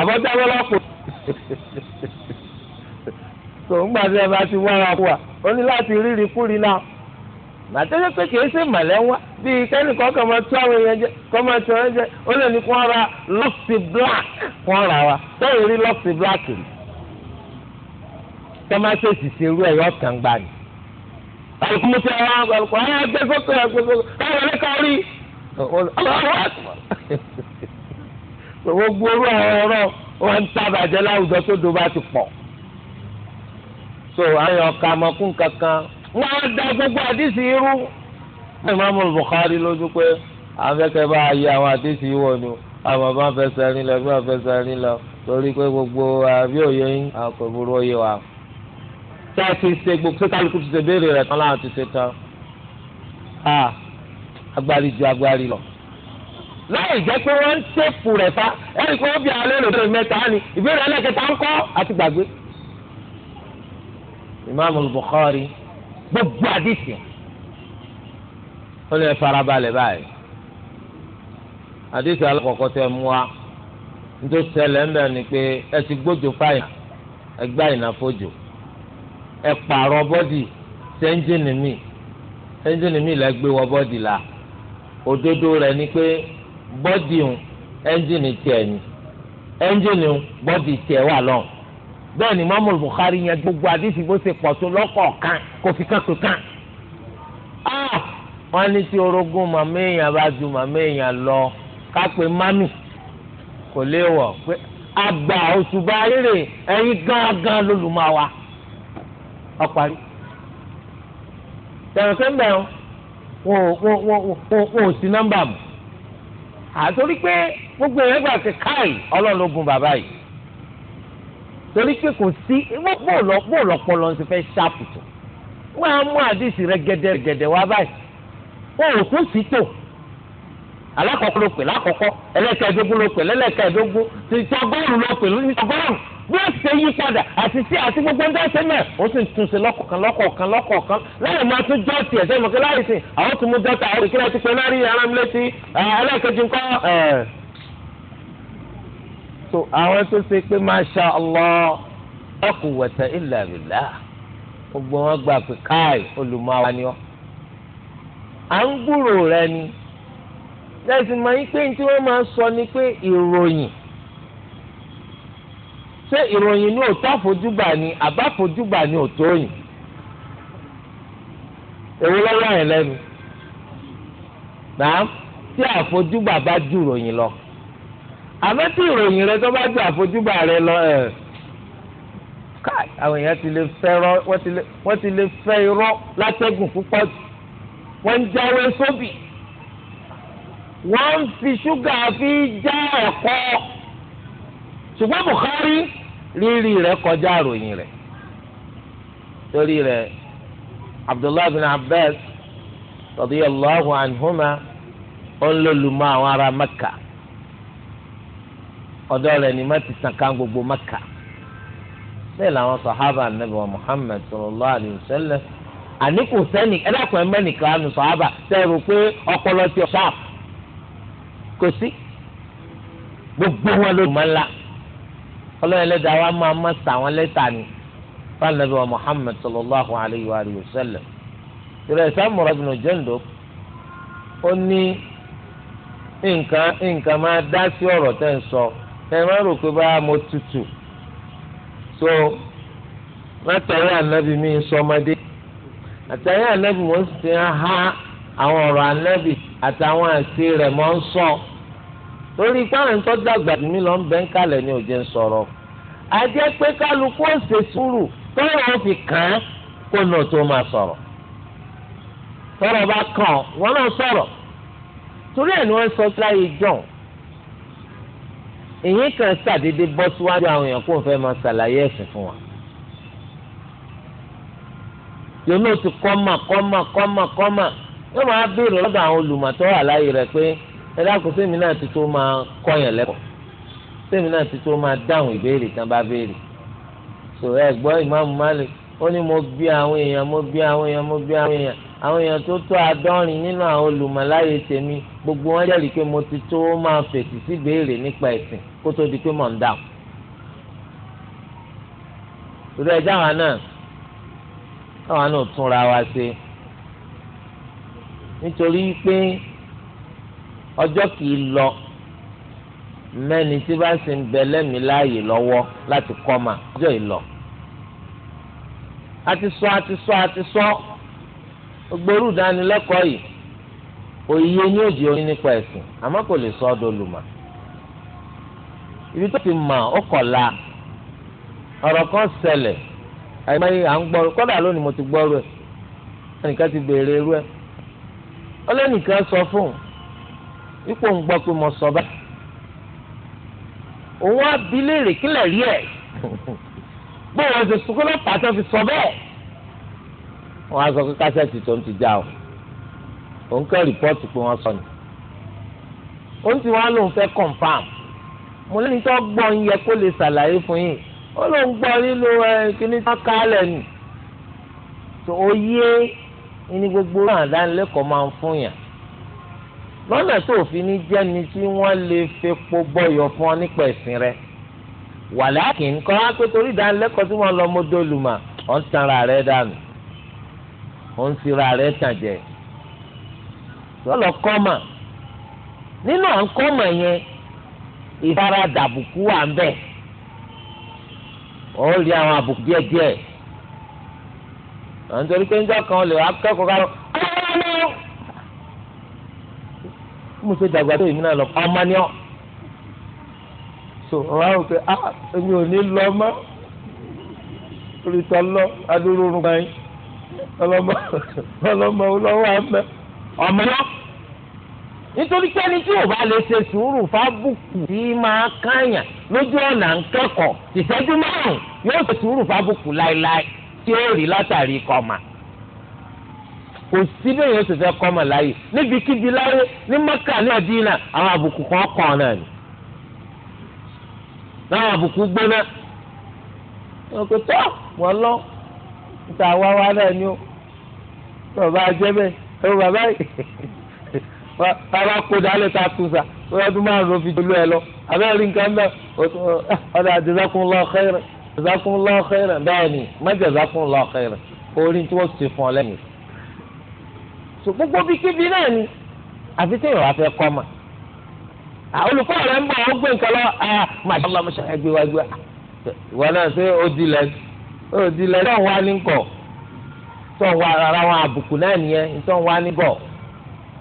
àbọ̀dá wọn lọ́kùn tó ń gbàdúrà bá ti wá wa kú wa ó ní láti rí rí kúri náà gbàtẹ́jẹ́ pé kìí ṣe mọ̀lẹ́ wá bíi kẹ́nìkan kọ́ máa tú àwọn èèyàn jẹ kọ́ máa tú àwọn jẹ ó lè ní kó wọ́n ra lọ́ọ̀sì black kó wọ́n ra wa bẹ́ẹ̀ rí lọ́ọ̀sì black rí tọ́ máa ṣe ṣìṣe irú ẹ̀ yọ kàn gbà ní. àlùkùmùtì àwọn àgbàlùkọ́ àwọn ẹgbẹ́ sókè ẹgbẹ́ sókè káwọn ẹni kan rí gbogbo orú àwọn ọ̀rọ̀ wọn ń tábàjẹ́ láwùjọ tó do bá ti pọ̀ so àwọn ọ̀kà àmọ́kùn kankan wọ́n da gbogbo àdìsí irú. ìmáàmù Bukhari lójú pé afẹ́kẹ́ bá a yẹ àwọn àdìsí wọ̀ ni àwọn bá fẹsẹ̀ rìn lọ bí wọ́n fẹsẹ̀ rìn lọ torí pé gbogbo àbí òye yín kò burú òye wa. tá a ti ṣe gbogbo kálukú ti ṣe béèrè rẹ̀ tán láwọn ti ṣe tán. agbárí ju agbárí lọ láì jẹ́ pé wọ́n ń ṣèpù rẹ̀ fa ẹnì kan ó bí alẹ́ lòdì mẹ́ta ni ìbéèrè ẹlẹ́kẹta ń kọ́ àti gbàgbé. Imam bukhari gbogbo àdìsí ọ lè farabalẹ̀ báyìí àdìsí alákọ̀ọ́kọ́ tẹ mú wa nítorí ṣẹlẹ̀ ń bẹ̀ ni pé ẹ ti gbójú fáyà ẹ gbá ìnáfojò ẹ pààrọ̀ bọ́dì sẹ́ńjìnì mi ẹ́ńjìnì mi lẹ gbé wọ bọ́dì la òdodo rẹ̀ ni pé bọ́dì ń ẹ́ńjìnì tiẹ̀ ni ẹ́ńjìnì bọ́dì tiẹ̀ wà bẹ́ẹ̀ ni mọ́mọ́ Bukhari yẹn gbogbo àdìsí bó ṣe pọ̀ tó lọ́kọ̀ọ̀kan kò fi kàn pé kàn. wọ́n ní tí orogún màmá èèyàn bá ju màmá èèyàn lọ ká pé mami kò léèwọ̀ pé àgbà òṣùbà rírè ẹ̀yin gángan lólùmọ̀ wa ọ̀parí. tẹ̀wọ̀n kẹ́ńbẹ̀ wọn ò sí nọ́mbà mu àtòrí pé gbogbo èèyàn gbà pé káì ọlọ́run ló gun bàbá yìí torí pé kò sí bóòlù ọpọlọ ń fẹ́ ṣáàpù tó wọ́n á mú àdìsí rẹ gẹ́dẹ́gẹ́dẹ́ wá báyìí wọ́n ò tún sí tò alákọ̀ọ́kọ́ ló pè lákọ̀ọ́kọ́ ẹlẹ́kẹ̀ẹ́dógún ló pè lẹ́lẹ́kẹ̀ẹ́dógún títí ọgọ́rùn ló pè ní ọgọ́rùn bí ó ṣe yí padà àti sí àti gbogbo ń dẹ́sẹ̀ mẹ́ ó sì tún ṣe lọ́kọ̀ọ̀kan lọ́kọ̀ọ̀kan lọ́kọ̀ọ̀kan láì máa tún jọ́ọ̀tì ẹ̀jẹ̀ mọ̀kẹ́ láì sìn àwọn tún mú dọ́tà àwọn ìkíni àti pẹ̀lú àríyá arámúlétí ẹlẹ́kẹ̀ẹ́dì ńkọ́ so àwọn tó ṣe pé masha allah la quwwata illa billah gbogbo wọn pé káì olùmọ̀wá ni ọ́ à ń gbúrò rẹ ni máa ń tí wọ́n máa ń sọ ni pé ìròyìn ṣé ìròyìn ní òótọ́ ni àbá ni òótọ́ òyìn èwo lọ́wọ́ ẹ̀ lẹ́nu náà tí bá ju lọ. àmọ́ tí ìròyìn rẹ tó bá ju àfojúbà rẹ lọ ẹ̀ káì àwọn èèyàn ti lè fẹ́ irọ́ wọ́n ti lè fẹ́ irọ́ látẹ́gùn púpọ̀ jù wọ́n ń jáwé sóbì wọ́n ń fi ṣúgà fi já ẹ̀kọ́ ṣùgbọ́n Bukhari rírì rẹ kọjá ìròyìn rẹ torí rẹ Abdullahi bin Abbas radiyallahu anhuma ó ń lò lùmọ́ àwọn ará Mẹ́kà. ọ̀dọ̀ rẹ̀ ni má ti gbogbo maka bẹ́ẹ̀ làwọn sọ̀hábà nàbì wa Muhammad sallallahu àní kò sẹ́ni ẹ̀dàkùn ẹ̀mẹ́nìkan ànú sọ̀hábà sẹ́rù pé ọpọlọ ti kò sí gbogbo wọn ló mọ̀ ńlá ọlọ́run ẹlẹ́dàá wa máa má sa àwọn lẹ́tà ni fún sallallahu alayhi wa sallam ó ní nǹkan nǹkan máa dá sí ọ̀rọ̀ ẹ má rò pé báyà mo tutù so látàrí ànábì mi sọmọdé àtàrí ànábì mo sì ti há àwọn ọ̀rọ̀ ànábì àtàwọn àti rẹ̀ mọ́ ń sọ torí táwọn tó dàgbà mí lọ ń bẹ́ ń kalẹ̀ ní òjé ń sọ̀rọ̀ àjẹ́ pé kálukú ó ṣe sùúrù tọ́rọ̀ fi kàn án kó nà tó máa sọ̀rọ̀ tọ́rọ̀ bá kàn wọ́n náà sọ̀rọ̀ torí ẹ̀ ni wọ́n sọ sí láyé jọ̀ọ́ èyí kan ṣàdédé bọ́ síwájú àwọn èèyàn kó n fẹ́ máa ṣàlàyé ẹ̀sìn fún wa. yòóná ti kọ́mà kọ́mà kọ́mà kọ́mà yóò máa béèrè lọ́dọ̀ àwọn olùmọ̀tọ́ àlàyé rẹ̀ pé ẹ dákun sẹ́mi náà ti tó máa kọ́yàn lẹ́kọ̀ọ́ sẹ́mi náà ti tó máa dáhùn ìbéèrè tán bá béèrè. sọ ẹ gbọ́ ìmáàmù Málíkì ó ní mo bí àwọn èèyàn mo bí àwọn èèyàn mo bí àwọn èèyàn àwọn èèyàn tó tó àádọ́rin nínú àwọn olùmọ̀láyè tèmi gbogbo wọn jẹ́rìí pé mo ti tó máa fèsì sí béèrè nípa ẹ̀sìn kó tó di pé mò ń dà o. torí ẹja wa náà káwa náà túnra wa ṣe nítorí pé ọjọ́ kì lọ mẹ́ni tí bá sì ń bẹ lẹ́mìí láàyè lọ́wọ́ láti kọ́ mà ọjọ́ ìlọ. a ti sọ a ti sọ a ti sọ. gbogbo ìdánilẹ́kọ̀ọ́ yìí òye ní òdì oní nípa ẹ̀sìn àmọ́ kò lè sọ ọ́ dolùmọ̀ ibi tó ti mọ̀ ó kọ̀la ọ̀rọ̀ kan ṣẹlẹ̀ àìmọye à ń gbọ́ kọ́dà lónìí mo ti gbọ́ rẹ̀ ẹnìkan ti béèrè irú ẹ̀ sọ fún ipò ń gbọ́ pé mo sọ báyìí òun á bi léèrè rí ẹ̀ fi sọ wọ́n á sọ pé kásẹ̀tì tó ń ti já o òun kẹ́ rìpọ́ọ̀tì pé wọ́n sọ ni òun ti wá lóun fẹ́ confam mo lẹ́ni tó gbọ́ ń yẹ kó lè ṣàlàyé fún yín ó lóun gbọ́ lílo kíní tó kálẹ̀ nì tó o yé ní gbogbo náà dánilẹ́kọ̀ọ́ máa ń fún yàn lọ́nà tó fi ní jẹ́ni tí wọ́n lè fepo bọ́yọ̀ fún ọ nípa ẹ̀sìn rẹ̀ wàlákì ńkọ́ á pé torí ìdánilẹ́kọ̀ọ́ tí wọ́n lọ mọ́dọ́lùmọ̀ ọ̀ ń tanra rẹ̀ dànù òun ti ra rẹ̀ tàn jẹ lọ́lọ́ kọ́mà nínú à ń kọ́mà yẹn ìfaradà àbùkù wà ń bẹ̀ ó rí àwọn àbùkù díẹ̀ díẹ̀ àwọn torí pé níjọ́ kan lè wá kẹ́kọ̀ọ́ ká mo ṣe dàgbà tó èmi náà lọ pa ọmọ ní ọ so ọ̀rọ̀ àwọn pé ah èmi ò ní lọ mọ́ orí lọ adúrú orun ọlọmọ ọlọmọ olówó amẹ ọmọ lọ. nítorí pé ẹni tí ò bá lè ṣe sùúrù fábùkù tí máa káyàn lójú ọ̀nà ń kẹ́kọ̀ọ́ ìṣẹ́jú márùn-ún yóò ṣe sùúrù fábùkù láéláé tí ó rí látàrí kọ̀mà. kò sí bẹ́ẹ̀ yóò ṣe fẹ́ kọ́mà láàyè níbikíbi láyé ní Mẹ́kà ní Mẹ́dínà àwọn àbùkù kan kàn náà ni. láwọn àbùkù gbóná. ọ̀pẹ̀ tó wọ́n lọ níta wá wá náà ni ó bàbá ajẹ́bẹ̀ ẹ bàbá bàbá kó dalẹ̀ ta tún sa wọ́n yẹ kí máa lọ fi dolú ẹ lọ abẹ́rẹ́ rí nǹkan bẹ́ẹ̀ ọ̀dà jazakumullahu khairan jazakumullahu khairan bẹ́ẹ̀ ni má jazakumullahu khairan orí tí wọ́n ti fún ọ lẹ́yìn. sọ gbogbo bíi kíbi náà ni àfi tí ìwà fẹ́ kọ́ mà olùkọ́ rẹ̀ ń bọ̀ ọ́ gbé nǹkan lọ màṣálà màṣálà ẹgbẹ́ wájú wa náà ṣé ó dilẹ̀ ó tó ń wá ara wọn àbùkù náà nìyẹn tó ń wá níbọ̀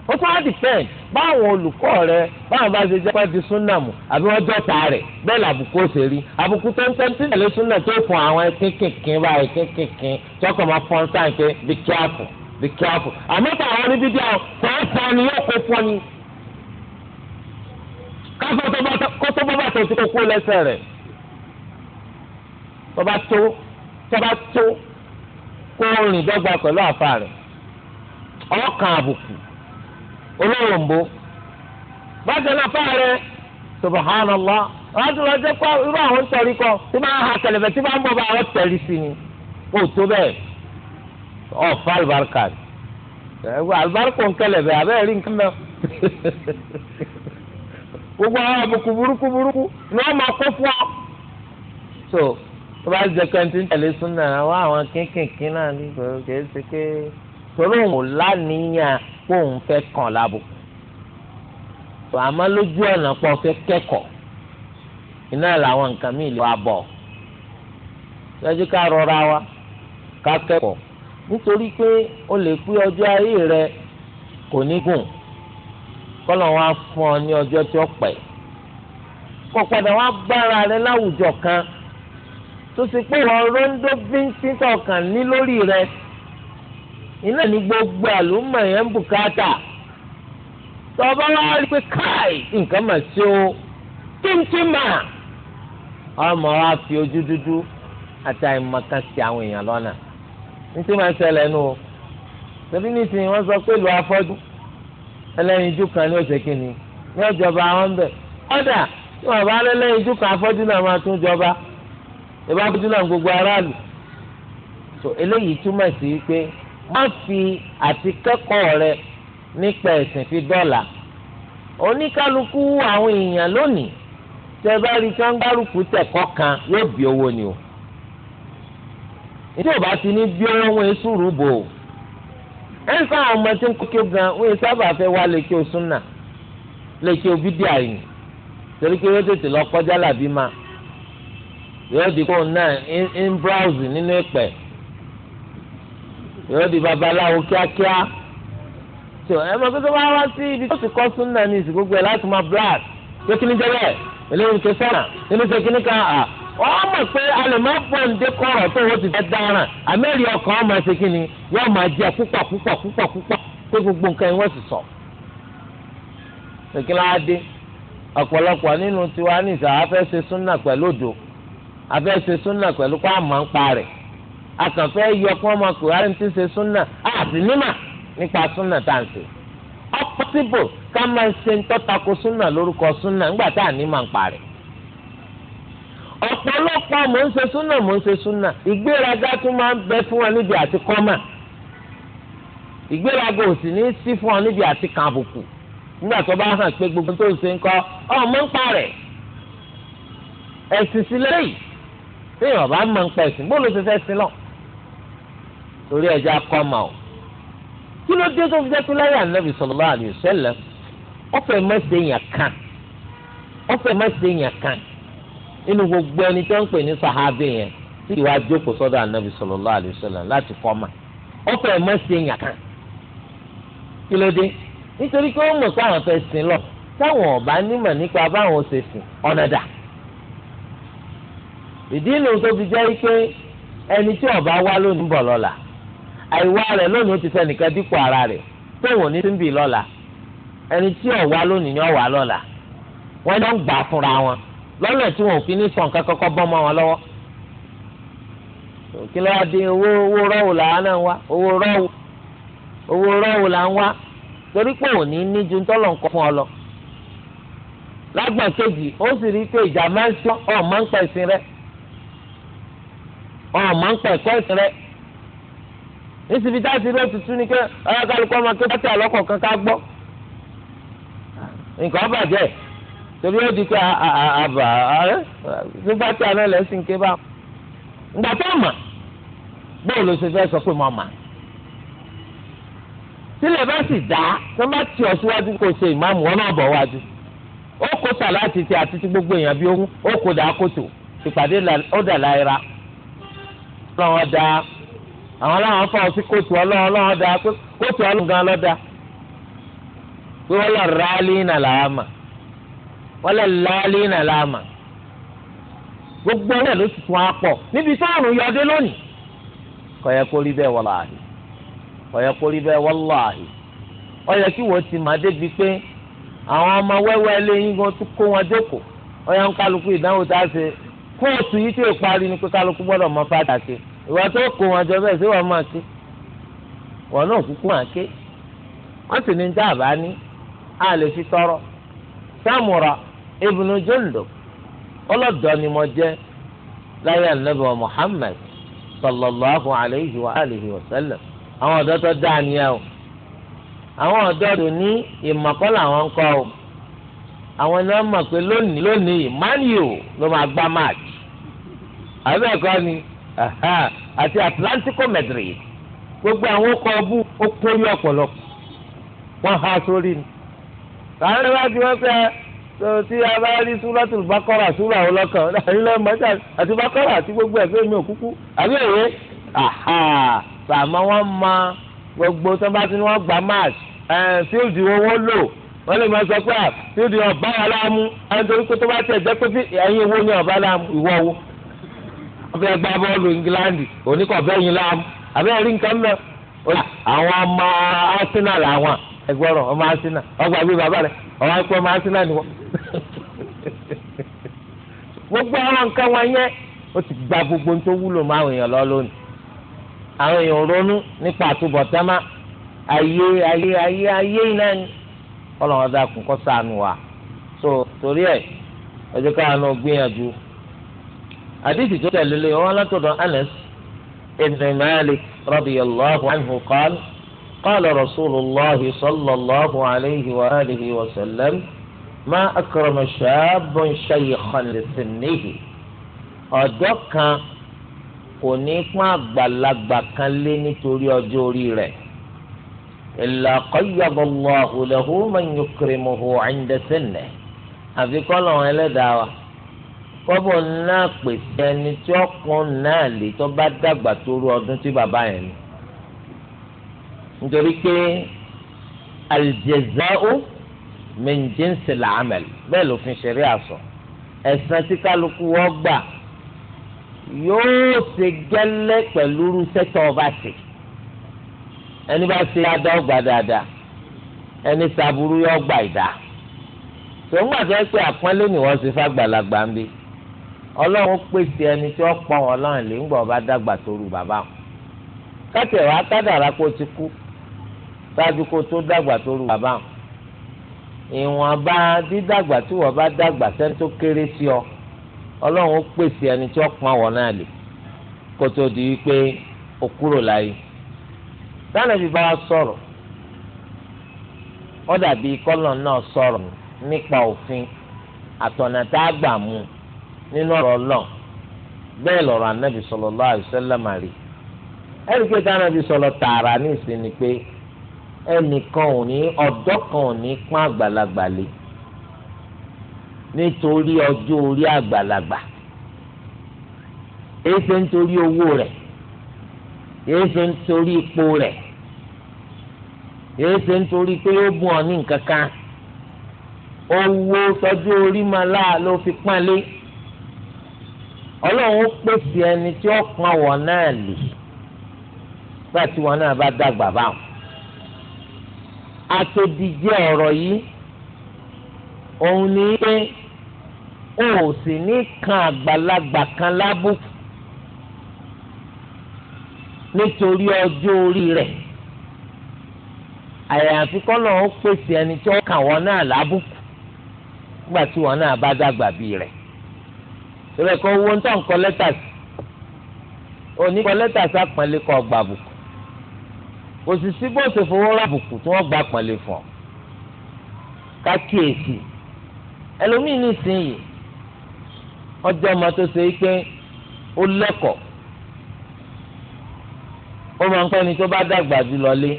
ó tún á dìpẹ́ǹd báwọn olùkọ́ rẹ báwọn bá ṣe jẹ́ pé ti súnà mù àbí wọ́n jọ́ta rẹ̀ bẹ́ẹ̀ làbùkù ó ṣe rí àbùkù tẹ́ntẹ́n tí ìdàlẹ́ súnà tó fún àwọn kékèké báyìí kékèké tọkọ̀ máa fọ́n sáà pé be careful be careful àmọ́ táwọn níbi díẹ̀ kò ń fọ́ ni yóò kó fọ́ ni káfọ́ tó bọ́bà tó tó kó rìn dọ́gba pẹ̀lú àfa rẹ̀ ọkàn àbùkù olóòrùnbó bákan náà àfa rẹ̀ subhanallah ọdún ọjọ́ kọ́ irú àwọn tẹ̀lé kọ́ tí máa ha kẹlẹ̀fẹ̀ tí máa ń bọ̀ bá àwọn tẹ̀lé sí ni tó bẹ́ẹ̀ ọ̀fà àlùbáríkà àlùbáríkà ń tó bá jẹ kẹ́ntì tẹ̀lé súnà wá àwọn kínkìnkì náà ní ìgbòho kìí ṣe torí òun láníyàn òun kàn lábò àmọ́ lójú ọ̀nà pọ̀ fẹ́ kẹ́kọ̀ọ́ iná làwọn nǹkan míì lè wá bọ̀ rọra wa ká kẹ́kọ̀ọ́ nítorí pé o lè pé ọjọ́ ayé kò ní gùn fún ọ ní ọjọ́ tí ó tó ṣe pé wọn rondo bíntín tọkàn ní lórí rẹ iná ní gbogbo àlùmọ̀ yẹn ń bùkátà tọba wa rí pé káì nǹkan mà sí o tíntìmà ọmọ wa fi ojú dúdú àti àìmọ̀kan sí àwọn èèyàn lọ́nà nítorí máa ń ṣẹlẹ̀ nù o torí nísìnyí wọ́n sọ pé lu afọ́jú ẹlẹ́yinjú kan ní ọ̀sẹ̀ kìíní ní ọ̀jọba àwọn bẹ̀ ọ̀dà tí wọ́n bá lẹ́lẹ́yinjú kan afọ́jú náà máa tún jọba ìbá bójú náà gbogbo aráàlú so eléyìí túmọ̀ sí pé má fi àti kẹ́kọ̀ọ́ rẹ nípa ẹ̀sìn fi dọ́là oníkálukú àwọn èèyàn lónìí tẹ bá rí tí wọ́n gbárùkù tẹ̀kọ́ kan yóò bí owó ni o ìdí òbá ti ní bí owó wọn sùúrù bò ó ẹ ń sáwọn ọmọ tí ń kókó gan wọn sábà fẹ́ wá lè kí o súnà lè kí o bídíà yìí torí pé yóò tètè lọ kọjá làbí máa. yóò di fóònù náà in browse nínú ìpè yóò di babaláwo kíákíá tó ẹ máa pẹ́ tó bá wá sí ibi tó ti kọ́ súnà ní ìsìn gbogbo ẹ̀ láti máa blast pé kí ni nínú ṣe kí ni ká à wọ́n mọ̀ pé a lè má bọ̀ tó wọ́n ti ṣe kí ni yóò gbogbo nǹkan sì sọ. ọ̀pọ̀lọpọ̀ nínú tiwa ní ṣe súnà pẹ̀lú òdò abẹ́ ṣe súnà pẹ̀lú kó àmọ́ ń pa rẹ̀ yọ kó ọmọ kò rárá ti ṣe súnà àti nípa súnà tá à ń ṣe ọpọtìbò ká máa ṣe ń súnà lórúkọ súnà ńgbà tá à ń pa ọ̀pọ̀lọpọ̀ mò ń ṣe súnà mò ń ṣe súnà ìgbéraga tún máa ń bẹ fún wọn níbi àti kọ́mà ìgbéraga ò sì ní sí fún wọn níbi àti nígbà tó bá hàn pé gbogbo tó ń ṣe ń ọmọ ń pa téèyàn bá mọ̀ ń sin lọ torí ẹja kọ́ ma o kí ló dé tó fi jẹ́ pé láyé ànábì sallallahu alaihi wasallam ọ̀fẹ́ mẹ́sẹ̀ kan ọ̀fẹ́ mẹ́sẹ̀ kan nínú gbogbo ẹni tó ń pè ní sàhábì yẹn tí ìwà jókòó sọ́dọ̀ ànábì sallallahu alaihi wasallam láti kọ́ ma ọ̀fẹ́ mẹ́sẹ̀ kan kí ló dé nítorí sin lọ ìdí ìlú tó fi jẹ́ pé ẹni tí ọba wá lónìí ń bọ̀ lọ́la àìwá rẹ̀ lónìí ó ti fẹ́ nìkan dípò ara rẹ̀ tó wọ́n ní síbi lọ́la ẹni tí ọ̀wá lónìí ni ọwà lọ́la wọ́n lọ gbà fúnra wọn lọ́nà tí wọn ò fi ní sọ bọ́ mọ́ wọn lọ́wọ́ kí ló owó owó rọ́wù làwọn náà owó rọ́wù owó rọ́wù là ń torí pé ọmọ ń pa ẹ̀kọ́ ẹ̀sìn rẹ nísìbí táàtì rẹ tuntun ni pé ọlọ́kàlùkọ́ ọmọ tó bàtà lọ́kọ̀ kan gbọ́ nǹkan bàjẹ́ torí ó di pé àbà nígbà tí àná lẹ́sìn ké bá tó mà bóòlù ló ṣe fẹ́ sọ pé mo mà sílẹ̀ bá sì dá bá tì ọ́ síwájú ṣe ìmáàmù wọn náà bọ̀ wájú ó kó àti gbogbo èèyàn bí ó kó dà á ìpàdé ọ̀dà ọlọ́wọ́ da àwọn aláwọ̀ fà ọ sí kóòtù ọlọ́wọ́ ọlọ́wọ́ da kóòtù ọlọ́wọ́ gan lọ́dà pé wọ́n lọ rálí wọ́n lọ rálí gbogbo rẹ̀ ló ti tún á pọ̀ níbi sọ́ọ̀rùn yọdé lónìí kó rí bẹ́ẹ̀ kó rí bẹ́ẹ̀ kí wọ́n ti pé àwọn ọmọ wẹ́wẹ́ gan tún kó wọn ń kálukú ìdánwò tá a kóòtù yìí tí ò parí ni pé kálukú gbọ́dọ̀ mọ pàtàkì ìwà tó kó wọn jọ bẹ́ẹ̀ sí wọn máa ké wọn náà kúkú máa ké wọn sì ní ní dáàbá ní a lè fi tọrọ Samura ibnu Jundub ọlọ́dọ̀ ni mo jẹ́ láyé ànábì wa Muhammad sallallahu alayhi wa alihi wa sallam àwọn ọ̀dọ́ tó dáa ni ẹ o àwọn ọ̀dọ́ tó ní ìmọ̀kọ́lá àwọn kọ́ o àwọn ni wọ́n mọ̀ pé lónìí lónìí Man ló máa gbá match àbẹ̀kọ́ ni àti Atlantico Madrid gbogbo àwọn ọkọ̀ ọbú ó kórí ọ̀pọ̀lọpọ̀ wọ́n há sórí ni. sàárẹ̀ bá ti wọ́n pẹ́ tí a bá rí súrọ́tù bákọ́rà súrà ó lọ́kàn nílẹ̀ mọ́jà àti bákọ́rà àti gbogbo ẹ̀fẹ́ mi ò kúkú àbí èwe sàmọ́ wọ́n ma gbogbo tó bá ti ní wọ́n gba máàsì fíìlì owó lò wọ́n lè máa sọ pé ah, fíìlì ọ̀bá aláàmú àwọn torí pé tó bá tẹ̀ jẹ́ pé ẹ̀yin wo ni ọ̀bá aláàmú ìwọ́ wo. ọfẹ gbá bọ́ọ̀lù England oníkọfẹ yín láàmú àbẹ rí nǹkan nke àwọn ọmọ Arsenal àwọn ẹgbọràn ọmọ Arsenal ọgbà bíi bàbá rẹ ọmọ akpọ ọmọ Arsenal ni gbogbo àwọn nǹkan wọn yẹn ó ti gba gbogbo wúlò mọ́ àwọn èèyàn lọ lónìí àwọn èèyàn ronú nípa ayé حديث جوتا اللي هو لا ترى أنس ابن مالك رضي الله عنه قال قال رسول الله صلى الله عليه وآله وسلم ما أكرم شاب شيخا لسنه أدوكا kò ní pọ́n àgbàlagbà kan lé nítorí ọjọ́ orí rẹ̀ ìlà kọ́yàbọ̀ lọ́hùn lẹ́hùn mọ̀ nyókèrè mọ̀ hù àyìndẹ́sẹ̀ nẹ̀ àfikọ́ lọ́wọ́ ẹlẹ́dàá wa kọ́bọ̀ ńlá pèsè ẹni tí ọkàn náà lè tó bá dàgbà tó ru ọdún tí bàbá yẹn ni nítorí pé aljaza'u min jinsil amal bẹ́ẹ̀ lófin ṣẹ̀rí àṣọ ẹ̀san tí kálukú wọ́n gbà yóò ṣe gẹ́lẹ́ pẹ̀lú sẹ́tọ̀ ọba sí ẹni bá ṣe dáadáa ọgbà dáadáa ẹni sàbúrú yọ ọgbà ìdá tòun àti ẹgbẹ́ àpọ́nlé ni wọ́n ṣe fàgbàlagbà ń bíi ọlọ́run pèsè ẹni tí ó pọ̀ wọn lọ́rùn lè dàgbà sóru bàbá wọn. kádàrá kó ti kú kó tó dàgbà bàbá wọn. dídàgbà tí wọ́n dàgbà sẹ́ni tó kéré sí pèsè ẹni tí ó pọ̀ wọn náà lè kó tó di wípé ó kúrò láyé. bá sọ̀rọ̀ ó náà sọ̀rọ̀ nípa òfin àtọ̀nà tá a nínú ọ̀rọ̀ Ọlọ́run bẹ́ẹ̀ lọ̀rọ̀ anabi sallallahu alaihi wasallam rí ẹnìkan tí anabi sọlọ tààrà ní ìsinmi pé ẹnìkan ò ní ọ̀dọ́ kan ò ní pọ́n àgbàlagbà lé nítorí ọjọ́ orí àgbàlagbà èyí ṣe nítorí owó rẹ̀ èyí ṣe nítorí ipò rẹ̀ èyí ṣe nítorí pé ó bùn ọ ní nǹkan kan owó sọjú orí máa ló fi pọ́n lé ọlọ́run ó pèsè ẹni tí ó pọn wọn náà lè gbà tí wọn náà bá dàgbà báwọn. atòdìjẹ ọ̀rọ̀ yìí òun ni pé o ò sì ní kan àgbàlagbà kan lábùkù nítorí ọjọ́ orí rẹ̀ àyàfi kọ́nà ó pèsè ẹni tí ó kàn wọ́n náà lábùkù nígbà tí wọ́n náà bá dàgbà bí rẹ̀ ìrẹ̀ kọ́ owó ń tàn kọ́ lẹ́tà sí òní kọ́ lẹ́tà sí àpọ́nlé kọ́ gba àbùkù òsìsí bó ṣe fowó rà àbùkù tí wọ́n gba àpọ́nlé fún ọ kákíyèsí ẹlòmíì nísìnyí ọjọ́ ọmọ tó ṣe pé ó lẹ́kọ̀ọ́ ó máa ń pẹ́ ni tó bá dàgbà jù lọlé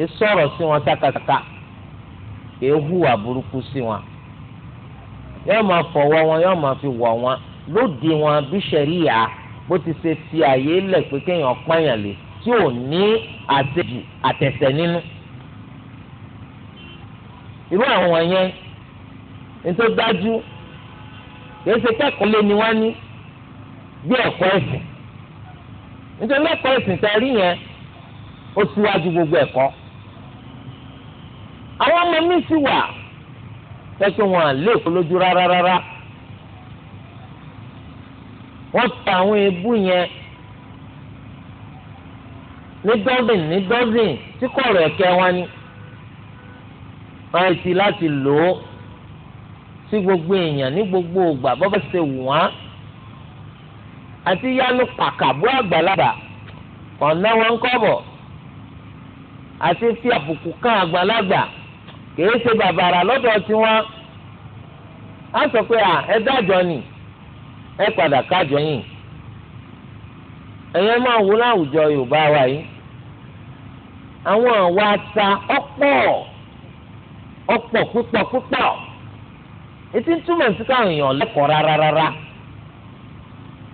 èé sọ̀rọ̀ sí wọn tákàtàkà èé hùwà burúkú sí wọn yóò máa fọwọ́ wọn yóò máa fi wọ̀ wọn lóde wọn bí sẹ̀ríyà bó ti ṣe fi àyè lẹ̀ pé kéèyàn pààyàn lè tí ò ní àṣejù àtẹ̀sẹ̀ nínú. irú àwọn yẹn nítorí dájú kìí ṣe kẹ́kọ̀ọ́ lé ni wọ́n ní bí ẹ̀kọ́ ẹ̀sìn nítorí ẹ̀kọ́ ẹ̀sìn tẹ́ rí yẹn ó síwájú gbogbo ẹ̀kọ́. àwọn ọmọ mi sì wà tẹ́kí wọn à lè fún wọ́n ta àwọn ebú yẹn ní dọ́sìn ní dọ́sìn tí kọ̀ọ̀rọ̀ ẹ̀kẹ́ wọn ni wọ́n ti láti lò ó sí gbogbo èèyàn ní gbogbo ògbà bọ́bá ṣe wù wọ́n àti yánu pàkàbọ́ àgbàlagbà ọ̀nà wọn kọ́ bọ̀ àti fi àbùkù kan àgbàlagbà. kìí ṣe bàbàrà lọ́dọ̀ tiwọn á sọ pé à ẹ dájọ́ ni ẹ padà kájọ yìí ẹ̀yẹ́ máa wú láwùjọ Yorùbá wa yìí àwọn àwa ta ọ̀pọ̀ ọ̀pọ̀ púpọ̀ púpọ̀ etí ń túmọ̀ sí káwọn èèyàn lẹ́kọ̀ọ́ rárá rárá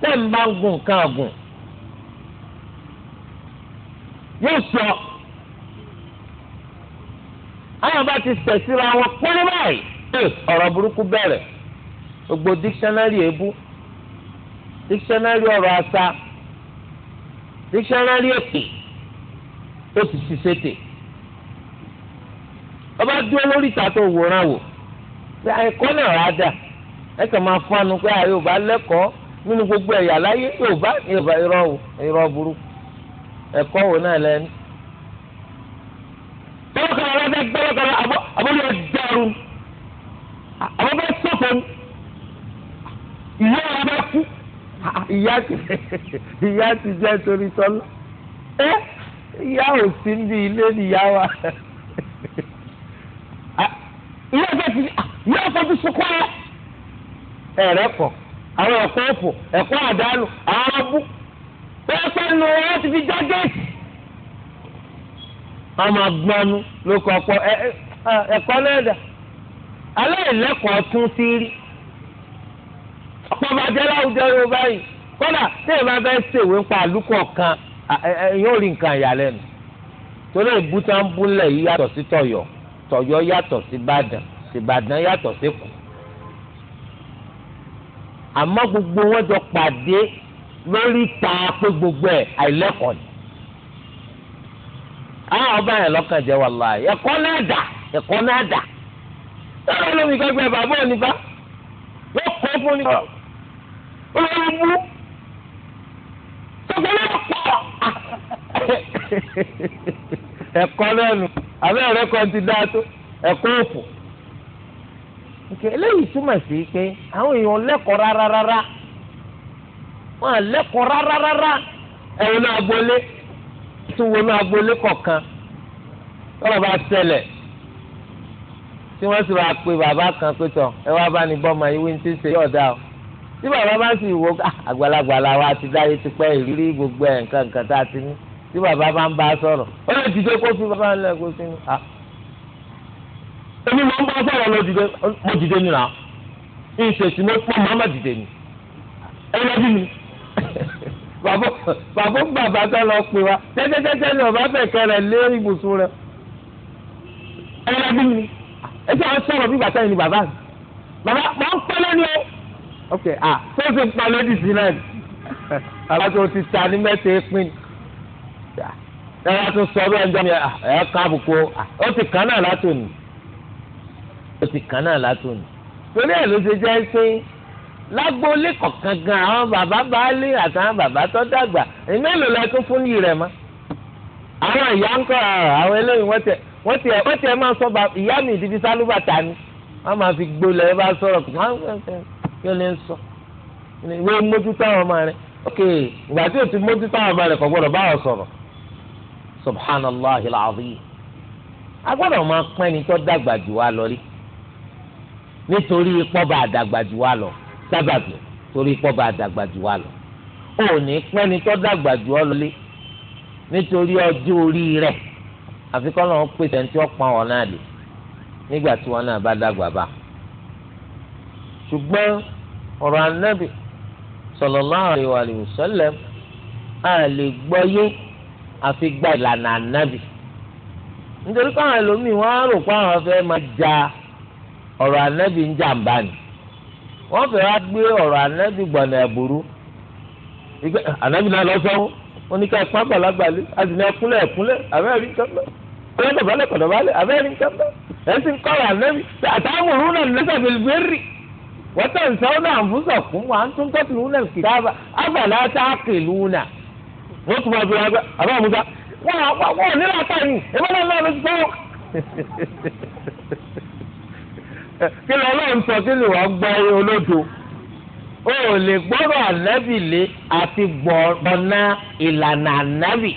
tẹ́ ń bá So, àwọn bá ti sẹ̀síra wọn pọ́nrẹ́ báyìí ọ̀rọ̀ burúkú bẹ̀rẹ̀ gbogbo dictionary èébú dictionary ọ̀rọ̀ asa dictionary èpè ó ti ọba dúró lórí ìta tó wòran wò pé ẹ̀kọ́ náà rà dà ẹ máa fọnù pé nínú gbogbo ẹ̀yà láyé burúkú ẹ̀kọ́ wò fẹ́ gbẹ́rẹ́ kan abọ́lé ẹ̀dẹ́rù àwọn bẹ́ẹ̀ ìyá kú ìyá ti ìyá ti jẹ́ torí tọ́lá ẹ ìyá ò sí ní ilé níyá wa ìyá ti ìyá àwọn wọn máa gbọ́nú ló kọ́ pọ́ ẹ̀kọ́ náà dà aláìlẹ́kọ̀ọ́ tún sí rí ọ̀pọ̀ bàjẹ́ láwùjọ yorùbá yìí kódà tí èèyàn bá fẹ́ ṣèwé ń pa àlùkò kan yóò rí nǹkan ìyàlẹ́nu torí ìbúta ń búlẹ̀ yìí yàtọ̀ sí tọ̀yọ̀ tọ̀yọ̀ yàtọ̀ sí ìbàdàn ìbàdàn yàtọ̀ sí kù àmọ́ gbogbo wọn jọ pàdé lórí ta pé gbogbo ẹ̀ àìlẹ́kọ̀ọ́ ni àwọn ah, ọba yẹn lọ́kàn jẹ́ wàláhì ẹ̀kọ́ náà dà ẹ̀kọ́ náà dà bàbá bá fún ọ náà náà nù kan ti dáa tó òfò eléyìí túmọ̀ sí pé àwọn èèyàn lẹ́kọ̀ọ́ rárá rárá wọn lẹ́kọ̀ọ́ rárá rárá ẹ̀rọ náà tún wọnú agboolé kọ̀ọ̀kan tọ́lọ̀ bá ṣẹlẹ̀ tí wọ́n sì wáá pe bàbá kan pé tọ̀ ẹ wá bá ní bọ́mọ ìwé ní ṣíṣe yóò dá o tí bàbá bá sì wò ah, àgbàlagbà làwa ti dáyé ti pẹ́ ìrírí gbogbo ẹ̀ nǹkan nǹkan tá a ti ní tí bàbá bá ń bá a sọ̀rọ̀ ó lè dìde kó fi bàbá ńlẹ̀ kó sínú. Ah. èmi ló ń bá sọ̀rọ̀ ló dìde mo dìde nù náà ìṣèṣì mo pọ́n mọ́ mọ́ dìde nù ẹ lọ́ mi bàbá bàbá tó lọ pè wá tẹ́tẹ́tẹ́tẹ́ ni ọba fẹ̀kẹ́ rẹ̀ lé ibùsùn rẹ̀ ẹ̀rọ bí mi ẹ jẹ́ àwọn sọ̀rọ̀ bí bàtà yìí ni bàbá mi bàbá mọ̀ ń pẹ́ lẹ́nu o ok ah tó o ti pa lódì sí náà ni bàbá tó o ti ta ní mẹ́ta pín ẹ wá tún sọ bẹ́ẹ̀ jọ́ mi ẹ ká àbùkù ó ti kàn náà látòní ó ti kàn náà látòní torí ẹ̀ ló ṣe jẹ́ pé lágbóolé kọ̀ọ̀kan gan àwọn bàbá baálé àtàwọn bàbá tó dàgbà èyí mélòó la tún fún yìí rẹ̀ mọ́. àwọn ìyá ń kọ́ àwọn eléyìí wọ́n tiẹ̀ wọ́n tiẹ̀ wọ́n tiẹ̀ máa sọ ìyá mi ìdíbi sálúbàtà ni wọ́n máa fi gbolẹ̀ ẹ bá sọ̀rọ̀ kí wọ́n lè sọ. ìwé mójútó àwọn ọmọ rẹ̀ ok ìgbà tí o ti mójútó àwọn ọmọ rẹ̀ kò gbọ́dọ̀ bá sọ̀rọ̀ subhanallah alazim sábàbí torí pọ́ bá dàgbà jù wá lọ ó ní pẹ́ni tó dàgbà jù ọ́ lé nítorí ọjọ́ orí rẹ̀ àfi kọ́ lọ́n pèsè ní tí wọ́n pọn náà lè nígbà tí wọ́n náà bá ọ̀rọ̀ anábì a lè àfi gba ìlànà anábì nítorí káwọn ẹlòmíì á rò pé ja ọ̀rọ̀ anábì ń jàǹbá wọ́n fẹ́ wá gbé ọ̀rọ̀ ànábì gbọ̀nà ẹ̀bùrú ànábì náà lọ́sọ́wọ́ wọn ní ká ẹ̀pọ́n àgbàlagbà lé àdìní ẹ̀kúnlẹ̀ ẹ̀kúnlẹ̀ abẹ́rẹ́ kẹ́mbẹ́ kọ́lẹ́dọ̀bálẹ̀ kọ̀dọ̀bálẹ̀ abẹ́rẹ́ kẹ́mbẹ́ ẹ̀sìn kọ́rọ̀ ànábì àtàwọn òun náà lẹ́sàbẹ̀ lùbẹ́rì wọ́n tẹ̀ ń sọ́wọ́n náà fún sọ̀kún wọn à ń tún tọ́tù lùnà kìtàbà abàlá táàkì lùnà wọ́n tún bá fi wá abẹ́ àmúta wọ́n nílò àtàyìn ìbọn náà lọ́ọ́ kí lọ lọ́n sọ kí ni wọ́n gbọ́ olódo o ò lè gbọ́dọ̀ ànábì lé àti gbọ̀nà ìlànà ànábì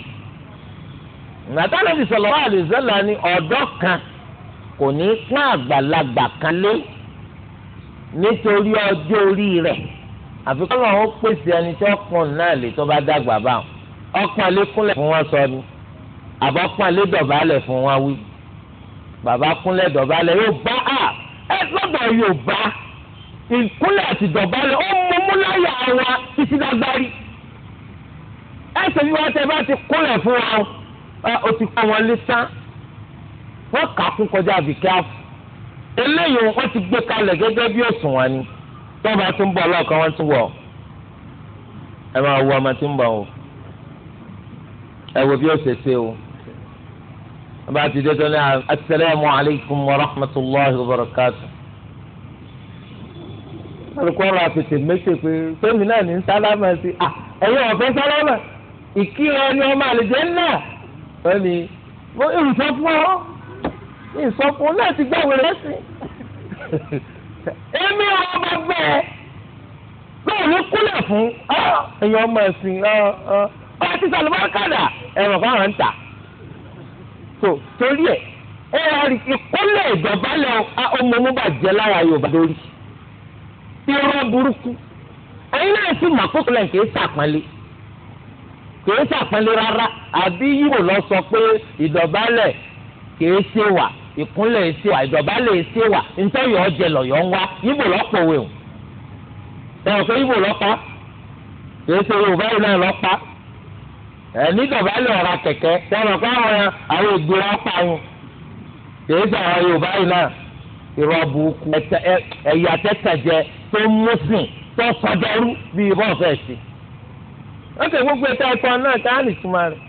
nàtà nàbì sọ̀rọ̀ wà lùsọ̀là ni ọ̀dọ́ kan kò ní pọ́n àgbàlagbà kan lé nítorí ọjọ́ orí rẹ̀ àfi kọ́ lọ́n ó pèsè ẹni tí ọkùn náà lè tó bá dàgbà báwọn ọkùn àlékúnlẹ̀ fún wọn sọ ni àbọ̀kùn àlédọ̀bálẹ̀ fún wọn wí bàbá kúnlẹ̀ dọ̀bálẹ̀ yóò bá a lọ́dọ̀ Yorùbá ìkúnlẹ̀ àti dọ̀bálẹ̀ ó mú múláyà wa títí lágbárí ẹsẹ̀ bí wọ́n tẹ bá ti kúnlẹ̀ fún wa ó ti kọ́ wọn lé wọ́n kà á kún kọjá àbíkẹ́ àfọ̀ eléyìí wọ́n ti gbé kalẹ̀ gẹ́gẹ́ bí òsùn wọn ni tọ́ba tó ń bọ̀ lọ́ọ̀kan wọ́n tún wọ̀ ẹ máa wo ọmọ tí ń bọ̀ o ẹ wo bí ó ṣe ṣe o ọba àti dẹ́tọ́ ní assalamu alaikum wa rahmatullahi wa barakatuh olùkọ́ ọ̀rọ̀ àfètè méṣe pé sẹ́mi náà ní sálámà sí i ẹ̀yin ọ̀fẹ́ sálámà ìkírọ̀ ni ọmọ àlejò ńlá wọ́n ní mo ìrùsọ fún ọ ìsọ fún ọ náà ti gbà wẹ̀rẹ̀ ẹ̀sìn èmi ọmọ bàbá ẹ bẹ́ẹ̀ ló kúlẹ̀ fún ẹ̀yin ọmọ ẹ̀sìn ọ ti sàlùmọ́kàdà ẹ̀rọ fáwọn ń tà tó torí ẹ̀ ẹ̀ ìkúlẹ̀ ìjọba lẹ́ ọmọ mú bàjẹ́ lára Yorùbá lórí. irọ́ burúkú ẹ̀yin náà sì mọ̀ kókò lẹ́yìn kìí sàpọ́nlé kìí sàpọ́nlé rárá àbí yíwò lọ sọ pé ìdọ̀bálẹ̀ kìí ṣe wà ìkúnlẹ̀ ṣe wà ìdọ̀bálẹ̀ ṣe wà ntọ́yọ̀ ọjẹ lọ́yọ̀ ń wá yíwò lọ́pọ̀ wẹ̀ o ẹ̀rọ pé yíwò lọ́pa kìí ṣe Yorùbá yìí náà lọ́pa ẹ̀ nídọ̀bálẹ̀ kẹ̀kẹ́ ẹ̀rọ pé àwọn pa wọn kìí ṣe àwọn Yorùbá yìí náà tó mú sìn tó sọdọrú bí ìbọn fẹ́ sí. wọ́n tẹ gbogbo ẹ̀ka ẹ̀kọ́ náà ká lè túmọ̀ rẹ̀.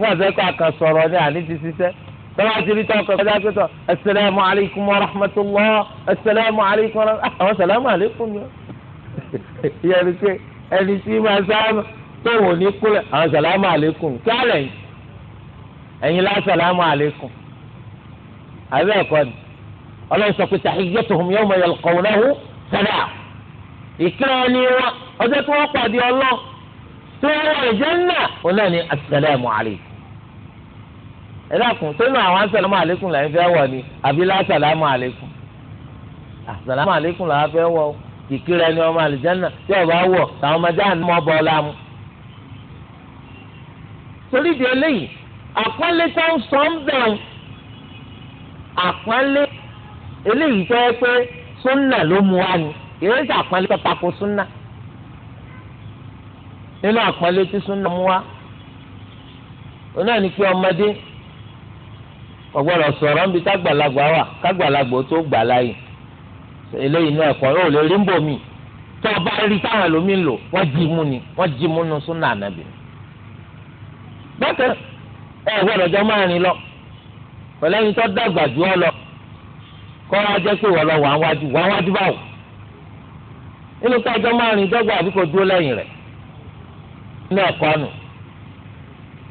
nígbà tó ẹ̀kọ́ àkàn sọ̀rọ̀ ní àní ti ṣiṣẹ́ tọ́wọ́ ti rí tọ́kọ̀ kọjá pé tọ́ asalaamu alaykum wa rahmatulah asalaamu alaykum wa rahmatulah àwọn salaamu alaykum yẹn. ìyẹn pé ẹni tí máa sáámù tó wò ní kúlẹ̀ àwọn salaamu alaykum kí á lẹ̀ yín ọlọ́run sọ pé tahiyyatuhum yawma yalqawnahu salam ìkíra ni wọn ọjọ́ tí wọ́n pàdé ọlọ́ tí wọ́n wọ aljanna òun náà ni assalamu alaykum ẹ dákun tó nù àwọn assalamu alaykum là ń fẹ́ wọ ni àbí lásàlámù alaykum assalamu alaykum là fẹ́ wọ ìkíra ni ọmọ aljanna tí ọba wọ làwọn ọmọ jáà mọ́ bọ́ láàmú. torí di eléyìí àpọ́nlé tó ń sọ ń bẹ̀rù àpọ́nlé eléyìí jẹ́ pé súnà ló mu wá ni kìí ṣe àpọ́nlé tó tako súnà nínú àpọ́nlé tí súnà mu wá òun náà ní ọmọdé kò gbọ́dọ̀ sọ̀rọ̀ níbi wà kágbàlagbà tó gbà láàyè eléyìí náà ẹ̀kọ́ yóò lè rí ń bò wọ́n jí mú ni wọ́n jí mú nu súnà ànábì bákan gbọ́dọ̀ jọ máa rìn lọ pẹ̀lú ẹni tó dàgbà jù ọ lọ kọ́ wa jẹ́ pé wọ́n lọ wà wájú wà wájú báwò nínú kájọ́ márùn-ún dọ́gba àbí kò lẹ́yìn rẹ̀ ní ẹ̀kọ́ nù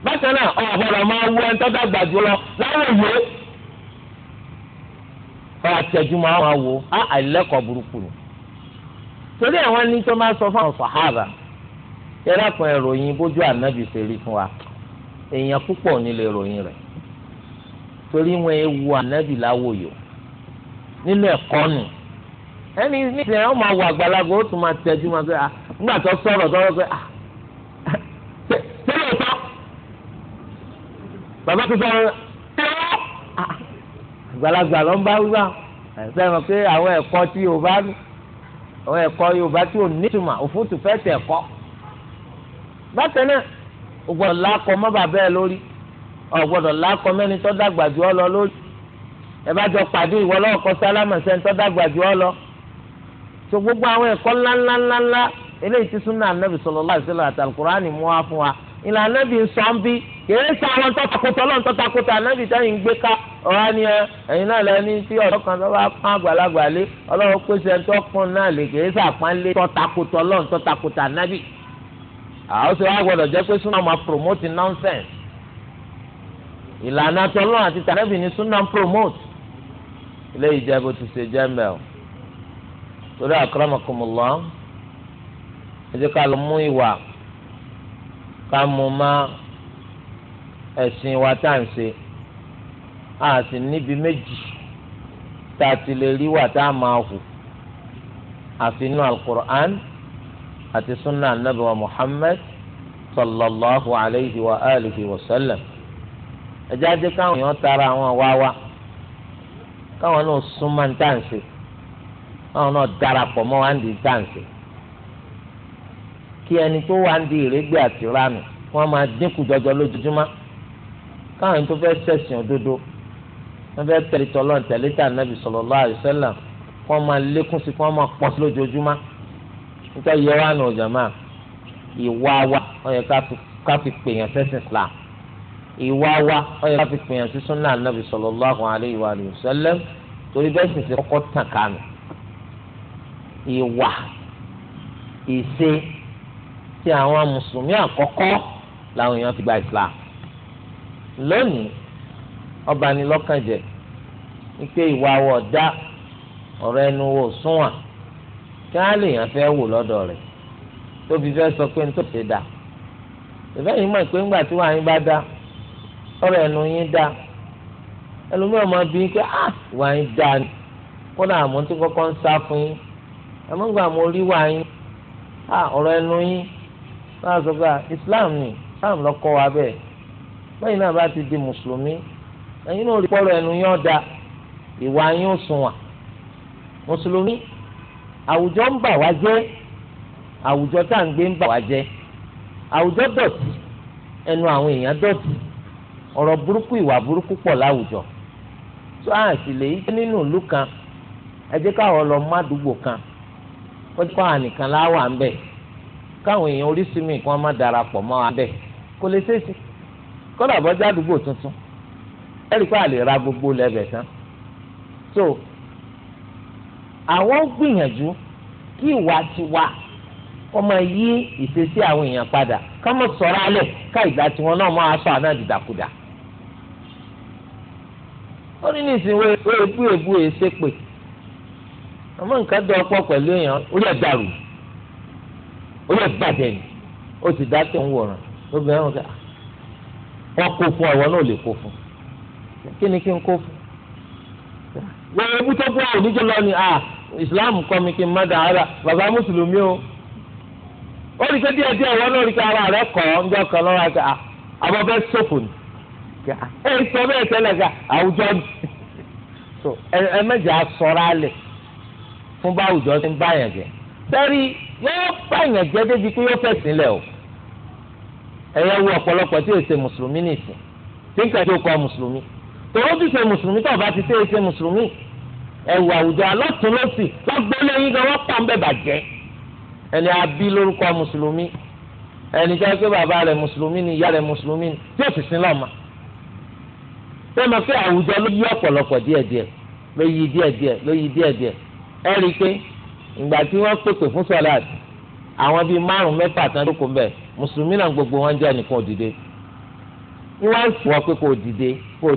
bákan náà ọ̀bọ̀dọ̀ máa wú ẹni dàgbà lọ láwọn ìwé kọ́ àtẹ̀jú máa wà wò á àìlẹ́kọ̀ọ́ burúkú ni torí àwọn ẹni tó máa sọ sàhábà yẹlá kan ìròyìn bójú ànábì fún ewu ànábì láwòyò nínú ẹ̀kọ́ nù ẹni nísìnyí wọn máa wọ àgbàlagbà ó tún máa tẹjú máa fẹ ah, nígbà tó sọ̀rọ̀ tó wọn fẹ tẹ́lẹ̀ tọ bàbá tó ah, sọ̀rọ̀ ah, àgbàlagbà ló ń bá wíwá ẹsẹ mọ̀ pé àwọn ẹ̀kọ́ tí Yorùbá àwọn ẹ̀kọ́ Yorùbá tí ò nítumọ̀ òfútu fẹẹ tẹ ẹ̀kọ́ bákan náà o gbọ́dọ̀ lakọ mọ bàbá ẹ lórí o gbọ́dọ̀ lakọ mẹni tó dàgbà jù ọ lọ lórí ẹ bá jọ pàdé ìwọ lọ́wọ́ kọ sálámà sẹ́ńtọ́ dàgbà jù ọ lọ. so gbogbo àwọn ẹ̀kọ́ nlanlanlanla eléyìí ti súnà ànábì sallallahu alaihi wasallam àti Al-Qur'ani mú wá fún wa ìlànà ànábì ń sọ ń bí kìí sọ àwọn tọ́takùtà ọlọ́run tọ́takùtà ń ni ẹ ẹ̀yin náà lẹ́ni tí ọ̀dọ́ kan tó bá pọ́n àgbàlagbà lé ọlọ́run pèsè ẹni tó pọ́n náà lè kìí tọ́takùtà tọ́takùtà àwọn eléyìí jẹ́ bó ti ṣe jẹ́ mbẹ́ o torí àkọ́rọ́mọkùnmọ́lọ́ ẹ jẹ́ ká lọ mú ìwà ká mú má ẹ̀sìn wa tá à ń ṣe a sì níbi méjì tá a ti lè rí wà tá a máa hù àfi inú alukur'an àti sunna anabi wa muhammed sallallahu alayhi wa alihi wa sallam ẹ jẹ́ ká èèyàn tara àwọn wá káwọn náà súnmọ́ ní dáǹsì káwọn náà darapọ̀ mọ́ wá ń di dáǹsì kí ẹni tó wá ń di ìrégbè àti ránù wọ́n máa dínkù jọjọ lójoojúmọ́ káwọn ẹni tó fẹ́ ṣẹ̀sìn òdodo wọ́n fẹ́ tẹ̀lé tọ́lọ́ tẹ̀lé tà nàbì sallallahu alaihi wasallam wọ́n máa lékún sí wọ́n máa pọ̀ sí lójoojúmọ́ nítorí yẹ wá nù ọ̀jọ̀ máa ìwà wa wọ́n yẹ ká fi pèèyàn sẹ́sìn Islam ìwà wa ó yẹ ká fi pèèyàn sí súnà nàbì sallallahu alaihi wa sallam torí bẹ́ẹ̀ sì ti kọ́kọ́ tàn kánú ìwà ìṣe tí àwọn mùsùlùmí àkọ́kọ́ làwọn èèyàn ti gba Islam lónìí ọba ni lọ́kàn jẹ́ wípé ìwà wọ̀ dá ọ̀rọ̀ ẹnu wò súnwọ̀n kí á lè yàn fẹ́ wò lọ́dọ̀ rẹ̀ tóbi fẹ́ sọ pé ní tó ṣe yìí mọ̀ pé tí wàá yín bá dá ọrọ ẹnu yín dá ẹlòmíràn máa bí pé ah wà dá ni kódà àmọ́ tí kọ́kọ́ ń sá fún yín àmọ́ mo rí ah ọrọ ẹnu yín náà sọ ah, Islam ni Islam lọ wa bẹ́ẹ̀ lẹ́yìn náà bá ti di mùsùlùmí ẹ̀yin náà rí ẹnu yín ọ̀dà ìwà yín sùn wà mùsùlùmí àwùjọ ń bà wá àwùjọ tá à ń gbé ń ọ̀rọ̀ burúkú ìwà burúkú pọ̀ láwùjọ tó a sì lè yí nínú ìlú kan ẹ jẹ́ káwọn lọ mọ́ àdúgbò kan wọ́n ti kọ́ àwọn nìkan láwà ń bẹ̀ káwọn èèyàn oríṣi mi kí wọ́n má mọ́ wa bẹ̀ kò lè ṣèṣe kọ́dà bọ́jà àdúgbò tuntun ẹ̀rí pé a ra gbogbo lẹ́bẹ̀ tán so àwọn gbìyànjú kí ìwà tiwa wọ́n máa yí ìṣesí àwọn èèyàn padà ká mọ̀ sọ̀rọ̀ alẹ̀ ká ìgbà tiwọn náà máa sọ àná dìdàkudà ó ní nísìnyí wo ebú ebú èsè e pè àmọ́ nǹkan dọ̀ ọ́pọ̀ pẹ̀lú èèyàn orí ẹ̀ dàrú orí ẹ̀ bàjẹ́ ni ó sì dá tó ń wòran obìnrin ọ̀gá wọn ah, kó fún ọ̀wọ́ náà lè kó fún kí ni kí n kó fún wọ́n ebú tó kú àwọn oníjọ́ lọ ni à ah, ìsìláàmù kọ́ mi kí n má dà ara bàbá mùsùlùmí o ó rí i pé díẹ̀ díẹ̀ wọ́n náà rí i pé ara rẹ̀ kọ́ ọ́ ń jọ́ kan lọ́wọ́ àti ah, àbọ̀ bẹ́ẹ̀ sófò ni ẹ sọ bẹ́ẹ̀ tẹ́lẹ̀ ká àwùjọ ẹ mẹ́jọ asọ̀rọ̀ alẹ̀ fún bá àwùjọ ti ń bá yàn jẹ sẹ́rí yóò bá yàn jẹ débi pé yóò fẹ̀sìn lẹ̀ o ẹ̀yẹ wo ọ̀pọ̀lọpọ̀ tí èsè mùsùlùmí nìsín tí ń kẹ́ tó kọ mùsùlùmí tòwó ti ṣe mùsùlùmí tó bá ti ṣe èsè mùsùlùmí ẹ̀wù àwùjọ alọ́tùnlọ́sì lọ́gbọ́lé yín gan wọ́n pọ̀ ń ṣé ma fẹ́ àwùjọ ló yí ọ̀pọ̀lọpọ̀ díẹ̀díẹ̀ ló yí ló yí fún àwọn bíi márùn mẹ́fà tán ló mùsùlùmí náà gbogbo wọn jẹ́ òdìdé fọ́ pé kò dìde kò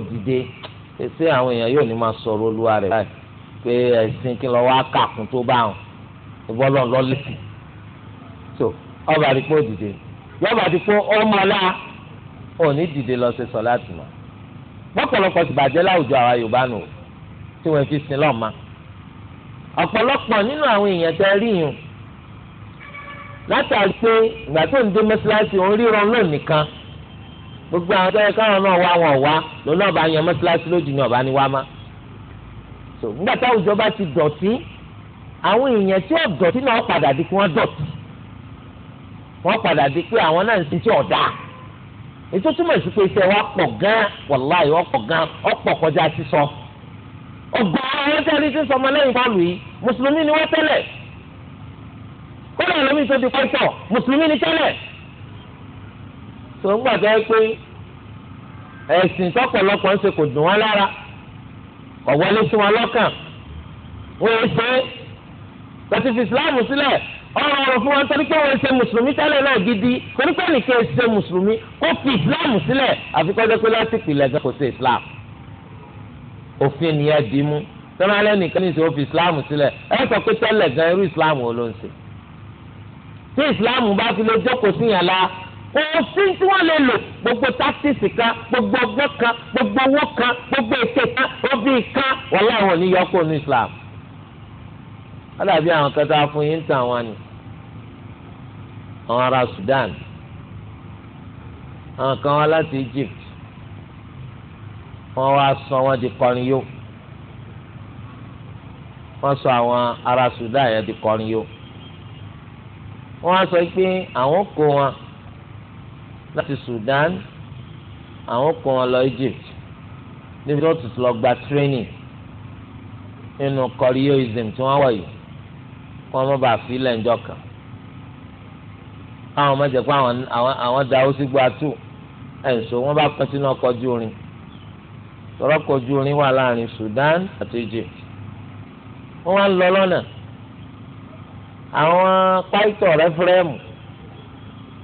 àwọn èèyàn yóò ní máa sọ̀rọ̀ olúwa rẹ̀ pé ẹ̀sìn kí lọ́wọ́ tó bá wọn ìbọ́lọ̀ lọ́lẹ́sì tó ọba ọ̀pọ̀lọpọ̀ sì bàjẹ́ láwùjọ àwa Yorùbá nù tí wọ́n fi sin lọ́ọ̀ma ọ̀pọ̀lọpọ̀ nínú àwọn èèyàn tẹ́ rí yùn látàrí pé ìgbà tó ń dé mọ́ṣáláṣí òun ríran náà nìkan gbogbo àwọn tẹ́lẹ̀ káwọn náà wá wọn wá lòun náà yan mọ́ṣáláṣí lójú ni ọ̀bá ni wá má so nígbà táwùjọ bá ti dọ̀tí àwọn èèyàn tí ọ̀dọ̀tí náà padà di pé wọ́n dọ̀tí wọ́n padà di pé àwọn náà ń sin tí ọ̀dà ètò túmọ̀ sí pé iṣẹ́ wa pọ̀ gan-an wàláì ọ̀pọ̀ gan-an ọ̀pọ̀ kọjá sísọ. ọ̀gbọ́n àwọn tẹ́lẹ̀ ti sọmọ lẹ́yìn pálù yìí mùsùlùmí ni wọ́n tẹ́lẹ̀ kódà lómi tó di pẹ́tọ̀ mùsùlùmí ni tẹ́lẹ̀. tó ń gbàgbọ́ pé ẹ̀sìn tọ́pọ̀lọpọ̀ ń ṣe kò dùn wọn lára kò wọlé sí wọn lọ́kàn wọ́n ṣe lọ́tí fi Islam sílẹ̀ ọ̀rọ̀ ọ̀rọ̀ fún wọn torí pé wọ́n ṣe mùsùlùmí tẹ́lẹ̀ náà gidi torí pé nìkan ṣe mùsùlùmí kó fi islam sílẹ̀ àfi kọjá pé láti pìlẹ̀ gan kò sí islam òfin nìyẹn dì í mú tọ́lálẹ́ nìkan ní ìṣòwò fi islam sílẹ̀ ẹ sọ pé tẹ́lẹ̀ gan irú islam wo ló ń ṣe tí islam bá fi lè jókòó sí yàn la òfin tí wọ́n lè lò gbogbo táktíìsì kan gbogbo ọgbọ́n kan gbogbo owó kan gbogbo ète kan obì kan wọ́n láwọn ò ní yọkùn ní islam. wọ́n dàbí àwọn kẹta fún yín tàn wọn ni àwọn ará Sudan àwọn kan wá láti Egypt wọ́n wá sọ wọ́n di kọrin yó wọ́n sọ àwọn ará Sudan yẹn di kọrin yó wọ́n wá sọ pé àwọn kó wọn láti Sudan àwọn kó wọn lọ Egypt níbi tó tutù lọ gba training nínú kọrin yóism tí wọ́n wọ̀ yìí wọ́n mọ̀ bá fi ńjọ kan káwọn ọmọ jẹ pé àwọn da ó sì gba tù ẹ̀sùn wọn bá pẹ́ sínú ọkọ̀ ojú irin tọ́rọ́ ọkọ̀ ojú irin wà láàrin Sudan àti Egypt wọ́n wá ń lọ lọ́nà àwọn pásítọ̀ rẹ́fúrẹ́mù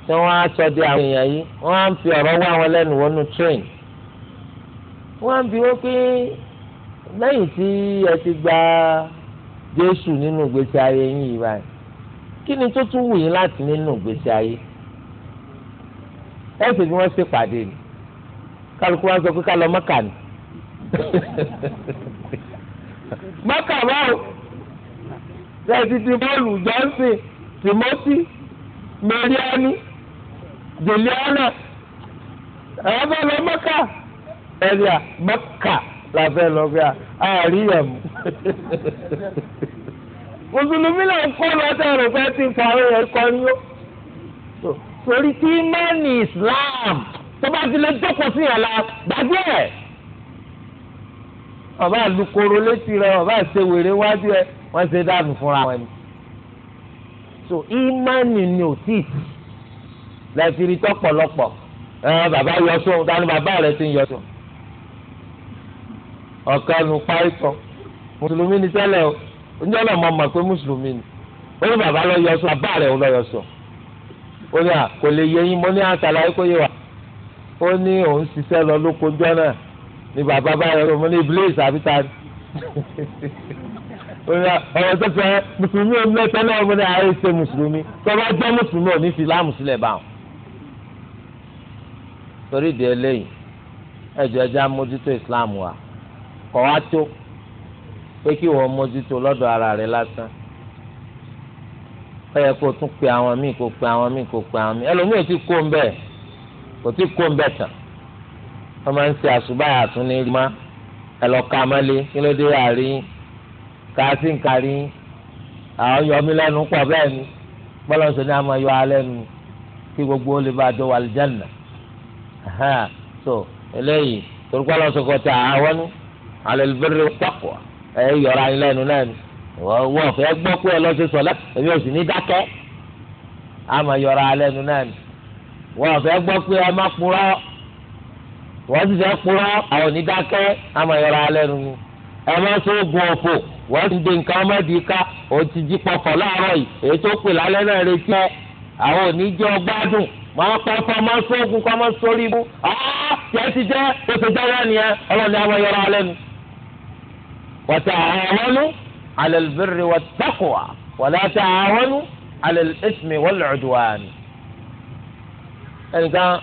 tí wọ́n á sọ de àwọn èèyàn yìí wọ́n á ń fi ọ̀rọ̀ wá wọn lẹ́nu wọnú train wọ́n á ń bi wọ́n pé lẹ́yìn tí ẹ ti gba Jésù nínú ìgbésí ayé yín yìí báyìí kí ni tó tún wù yín láti nínú ìgbésí ayé ẹ sì bí wọ́n ṣe pàdé ni kálukú wa sọ pé ká lọ mọ́kà ni mọ́kà báwo lẹ́yìn tí bọ́ọ̀lù johnson timothy mariani juliana àwọn bá lọ mọ́kà ẹ̀rí à mọ́kà la fẹ́ lọ bí i à àríyàmù. mùsùlùmí lè kọ́ lọ́tẹ̀ rẹ̀ fẹ́ ti fọ àwọn èèyàn kọ́ ni ó. torí tí mẹ́ni Islam tó bá ti lè jókòó sí yàrá gbàgbé ẹ̀. ọba àlùkòrò létí rẹ ọba àṣẹ wèrè wájú ẹ wọ́n ṣe dáàbò fúnra wọn ni. so ìmánì ni ò tí ì tì lẹ́ẹ̀fìrí tọ́pọ̀lọpọ̀ ẹ bàbá yọ sóhun tani bàbá rẹ ti ń yọ sóhun. ọ̀kan nu páìpọ̀ mùsùlùmí ni tẹ́lẹ̀ o oúnjẹ náà mọ̀ mọ̀ pé mùsùlùmí ni ó ní bàbá lọ yọ sọ bàbá rẹ̀ ń lọ yọ sọ ó ní à kò lè yẹ yín mo ní àtàlàyé kó yé wa ó ní òun ṣiṣẹ́ lọ lóko jọ náà ni bàbá bá yọ sọ mo ní iblis àbí ta ni ọ̀rọ̀ tó fẹ́ mùsùlùmí ò mẹ́tọ́ náà mo ní àárẹ̀ ṣe mùsùlùmí tó bá jẹ́ mùsùlùmí ò ní fi láàmù sílẹ̀ báwọn torí ìdí eléyìí ẹ̀jọ̀ ẹja mójútó ìsìláàmù wa kọ̀ wá tó pé kí wọ́n mójútó lọ́dọ̀ ara rẹ lásán ó yẹ kó tún pe àwọn míì kó pe àwọn míì kó pe àwọn míì ẹlòmíì ti kó ń bẹ̀ kò tí kó ń bẹ̀ tán wọ́n máa ń ṣe àṣùbáyà tún ní rímá ẹ lọ kí ló dé àárí kàásì ń kárí àwọn yọmí lẹ́nu pọ̀ bẹ́ẹ̀ ni bọ́lá ń sọ ní yọ alẹ́ kí gbogbo ó lè bá a wà lìjánà so eléyìí torúkọ́ lọ́sọ̀kọ̀ tẹ àwọn alẹ́ lè bẹ̀rẹ̀ taqwa. ẹ yọra yín lẹ́nu náà wọ́n fẹ́ pé ẹ lọ sí sọ̀lá èmi ò sì ní dákẹ́ á yọra wọ́n pé ẹ má purọ́ wọ́n sì fẹ́ purọ́ àwọn ní dákẹ́ yọra lẹ́nu ẹ má sóògùn ọ̀pọ̀ wọ́n ti dé nǹkan ọmọdé ká o ti jí yìí èyí tó pè náà وتعاونوا على البر والتقوى ولا تعاونوا على الإثم والعدوان ẹnìkan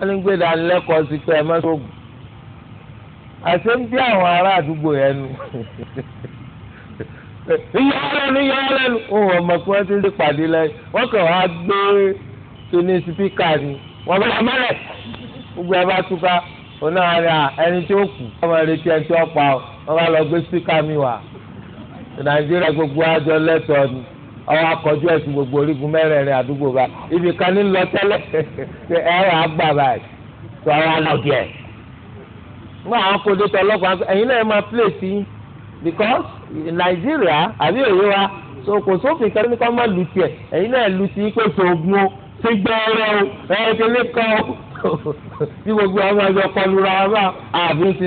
ẹni gbé ìdánilẹ́kọ̀ọ́ sí pé ẹ má sóògùn àṣé ń bí àwọn ará àdúgbò yẹn nu ìyá ọlẹ́nu ìyá ọlẹ́nu òun ọmọ kí wọ́n ti rí pàdé lẹ́yìn wọ́n kàn wá gbé kíní sípíkà ni wọ́n bá mẹ́rẹ̀ gbogbo ẹ bá túká òun náà rí ẹni tí ó kù ọmọ rẹ̀ tí ẹni tí ó pa ọ́. wọ́n bá lọ gbé spíkà mi wá nàìjíríà gbogbo àjọ lẹ́tọ̀ọ́ ni ọwọ́ akọjú ẹ̀sìn gbogbo orígun mẹ́rẹ̀ẹ̀rin àdúgbò bá ibi kan ní lọ tẹ́lẹ̀ ṣe ẹ̀rọ àgbà báyìí tó ara lọ mú àwọn tó náà máa i so kò sófin kan ní ká má lu náà lu ti pé o o bí gbogbo àwọn ọmọ kọlu ra bá àbí ti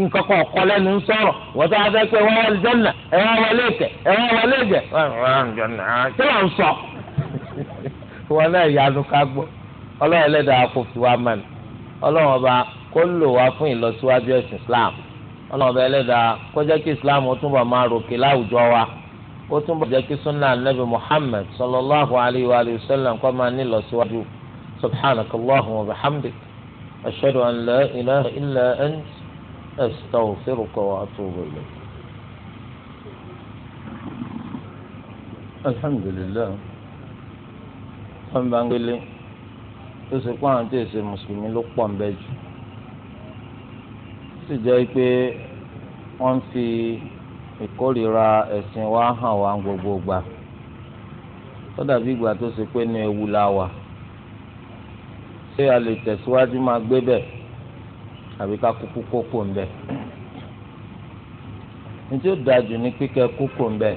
nǹkan kan ọ̀kọ́ lẹ́nu ń sọ̀rọ̀ wọ́n tó wá fẹ́ pé wọ́n wọlé jẹ́nà ẹ̀ wọ́n wọlé ìtẹ̀ ẹ̀ wọ́n wọlé ìjẹ̀ kí ló ń sọ. wọn náà yanu ká gbọ́ ọlọ́run ẹlẹ́dàá kò fi wá mọ̀ ní ọlọ́run ọba kó lò wá fún ìlọsíwájú ẹ̀sìn Islam ọlọ́run ọba ẹlẹ́dàá kó jẹ́ kí Islam ó túnbọ̀ máa ròkè láwùjọ wa ó túnbọ̀ jẹ́ kí sunna anabi Muhammad sallallahu alayhi wa sallam kó máa ní ìlọsíwájú أستغفرك وأتوب إليك الحمد لله fún bangbélé tó ṣe pé àwọn tó ṣe mùsùlùmí ló pọ̀ ń bẹ jù ó sì jẹ́ pé wọ́n fi ìkórìíra ẹ̀sìn wa hàn wá gbogbo gbà tó dàbí ìgbà tó ṣe ewu la wà ṣé a lè tẹ̀síwájú máa gbé bẹ́ẹ̀ àbí ká kúkú kókó ń bẹ ntí ó dájú ní kíkẹ kókó ń bẹ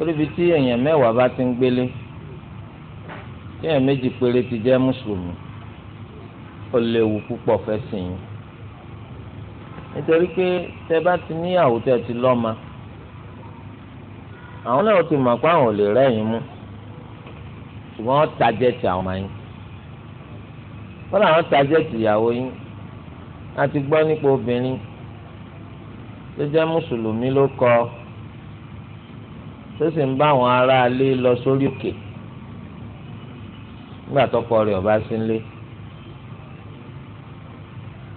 oríbi tí èèyàn mẹ́wàá bá ti ń gbélé tí èèyàn méjì péré ti jẹ́ mùsùlùmí ó léwu púpọ̀ fẹ́ yín nítorí pé tẹ bá ti níyàwó tẹ ti lọ́mọ àwọn náà ti mọ̀ pé àwọn ò lè rẹ́yìn mú ṣùgbọ́n tajẹ́ ti àwọn máa yín wọn làwọn tajẹ́tì ìyàwó yín àti gbọ́ nípa obìnrin tó jẹ́ mùsùlùmí ló kọ tó sì ń bá àwọn aráalé lọ sórí òkè nígbà tọkọ rẹ̀ ọba sí nílé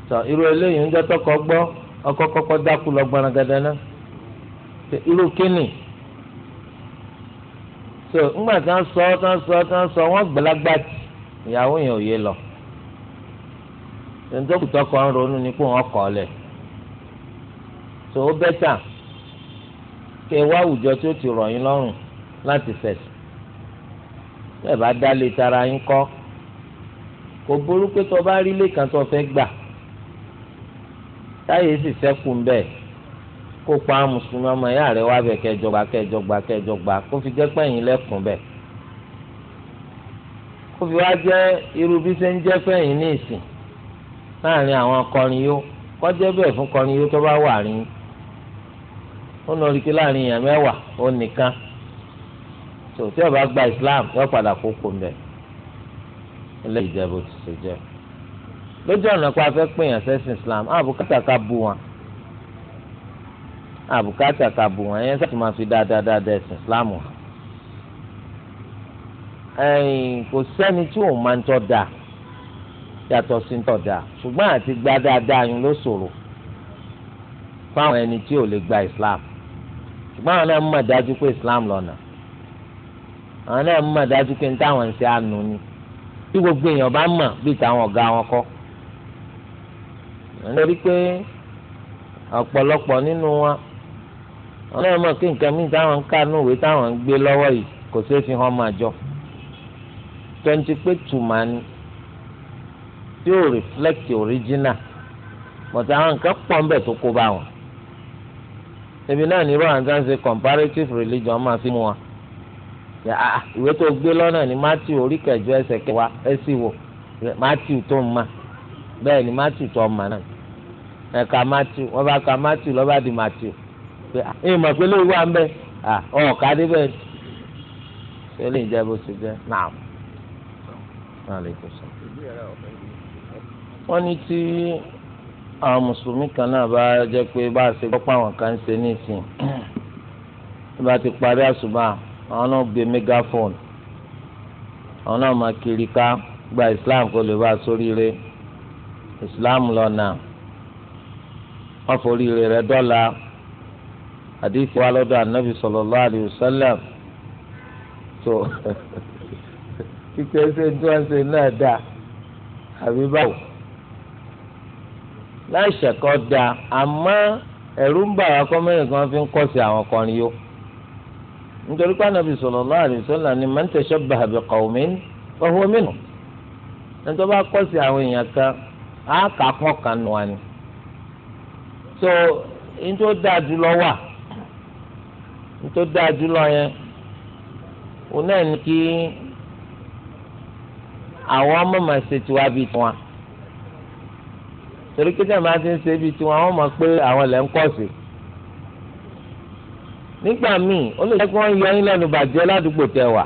tọ irú eléyìí ń jẹ́ tọkọ gbọ́ ọkọ kọ́kọ́ dákú lọ gbọ́nagada náà irú kínní so ńgbà tí wọ́n sọ tí wọ́n sọ tí sọ wọ́n gbẹlágbàtì ìyàwó yẹn ò yé lọ tẹ̀ńtọ́kùtọ́ kan ń ronú ni kó wọn kọ́ ọ lẹ̀ tó o bẹ́tà kẹ wá àwùjọ tí ó ti rọ̀ yín lọ́rùn láti fẹ̀sì bẹ́ẹ̀ bá dálé tara yín kọ́ kò burú pé tó bá rí ilé kan tó fẹ́ gbà táyé sì sẹ́kù ń bẹ́ẹ̀ kó pa mùsùlùmí ọmọ ìyá rẹ̀ wá bẹ̀ kẹjọba kẹjọba kẹjọba kó fi jẹ́ pẹ́yìn lẹ́kùn bẹ́ẹ̀ kó fi wá jẹ́ irú bí ṣe ń jẹ́ pẹ́yìn ní ìsìn láàrin àwọn akọrin yó kọjá bẹ́ẹ̀ fún kọrin yó tó bá wà rìn ó lọ rí i pé láàrin èèyàn mẹ́wàá ó nìkan tó tí ó bá gba Islam yóò padà kókó mbẹ ilé ìjẹbù ti ṣe jẹ lójú ọ̀nà pé a fẹ́ pè yàn sẹ́sìn Islam àbùkátà ká bu wọn àbùkátà ká bu wọn ẹ̀yẹn sáà tó máa fi dáadáa dáadáa ẹ̀sìn Islam wọn ẹ̀yìn kò sẹ́ni tí òun máa ń tọ́ dáa yàtọ̀ sí tọ̀dà ṣùgbọ́n àti gba dáadáa yín ló ṣòro fáwọn ẹni tí ò lè gba islam ṣùgbọ́n àwọn náà mọ̀ dájú pé islam lọ́nà àwọn náà mọ̀ dájú pé ní táwọn ń ṣe àánú ni tí gbogbo èèyàn bá mọ̀ bí táwọn ọ̀gá wọn kọ́ nítorí pé ọ̀pọ̀lọpọ̀ nínú wa àwọn náà mọ̀ pé nǹkan míì táwọn ń kà ní òwe táwọn ń gbé lọ́wọ́ yìí kò ṣeé tí ó reflect original but àwọn nǹkan pọ̀ ńbẹ̀ tó kó wọn. ebi náà ní rọ́ọ̀hán tá ṣe comparative religion máa fi mú wa. Ah, ah, ìwé tó gbé lọ́nà ni Matthew orí ese ẹsẹ̀ kẹwàá ẹsì wò Matthew tó ń ni Matthew tó ń ma náà ẹ̀ka Matthew wọ́n bá ka Matthew lọ́ba di Matthew pé ìmọ̀ ah, pé lóyún wà ń bẹ̀ ọ̀ọ́ká débẹ̀ ṣe lè jẹ́ bó ṣe wọ́n ní tí àwọn mùsùlùmí kan náà bá jẹ́ pé bá a ṣe gbọ́pọ̀ àwọn kan ṣe ní ìsìn tó bá ti parí àṣùbà àwọn náà gbé megaphone àwọn náà máa kiri ká gba Islam kó lè bá a sóríire Islam lọ́nà wọ́n foríire rẹ̀ dọ́là àdìsí wa lọ́dọ̀ ànábì sallallahu alaihi wasallam tó kíkẹ́ ṣe tí wọ́n ṣe náà dà àbí báwo láì ṣẹ̀kọ́ da àmọ́ ẹ̀rú ń bà wá kọ́ mẹ́rin kan fi ń kọ́sí àwọn kọrin yó nítorí pé Ànábì sallallahu alaihi wasallam ni man tashabbaha bi qawmin fa huwa minhum ẹni tó bá kọ́sí àwọn èèyàn kan á kà kọ́ kan nù wá ni so ní tó dáa jùlọ wà ní tó dáa jùlọ yẹn òun náà ní kí àwọn ọmọ màá ṣètò àbí tiwọn torí pé tẹ̀ máa ti ń ṣe ibi tí wọn mọ̀ pé àwọn lẹ́ ń kọ̀ sí. nígbà míì ó lè jẹ́ kí wọ́n yọ yín lẹ́nu bàjẹ́ ládùúgbò tẹ̀ wà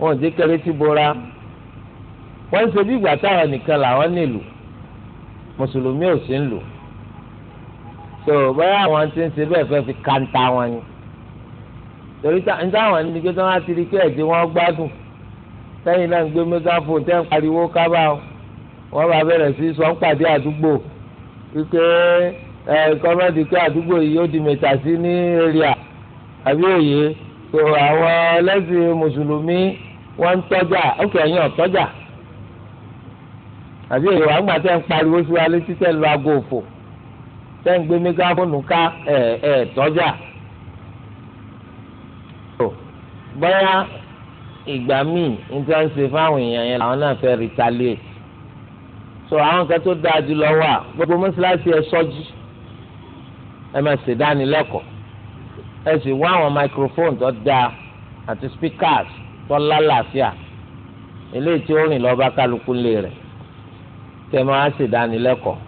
wọn ò jẹ́ kẹrẹ́ tí bora wọ́n ń ṣe bí ìgbà táwọn nìkan làwọn nílùú mùsùlùmí ò sí ń lù so bóyá àwọn ti ń ṣe bẹ́ẹ̀ fẹ́ fi kanta wọn ni torí táwọn níbi tí wọ́n á ti rí kí ẹ̀jẹ̀ wọn gbádùn sẹ́yìn náà ń gbé mẹ́gáfóònù tẹ́ ń pariwo kábàá o wọ́n bá bẹ̀rẹ̀ sí sọ ń pàdé àdúgbò wípé ẹ gọ́ọ̀mẹ́ntì pé àdúgbò yìí yóò di mẹ́ta sí ní area àbí òye tó àwọn ẹlẹ́sìn mùsùlùmí wọ́n ń tọ́jà ókè ẹ̀yìn ọ̀tọ́jà àbí òye wàá gbà tẹ́ ń pariwo sí wa létí tẹ́ ń lo aago òfò tẹ́ ń gbé mẹ́gáfóònù ká ẹ̀ ẹ̀ tọ́jà. bóyá ìgbà míì ní tí ń ṣe fáwọn èèyàn yẹn làwọn náà fẹ́ retaliate so àwọn kan tó dáa jùlọ wà gbogbo mọ́ṣáláṣí ẹ sọ́jú ẹ máa ṣèdánilẹ́kọ̀ọ́ ẹ sì wá àwọn microphone tó dáa àti speakers tó lálàáfíà eléyìí tí ó rìn lọ́ọ́ bá kálukú lé rẹ̀ tẹ́ máa ṣèdánilẹ́kọ̀ọ́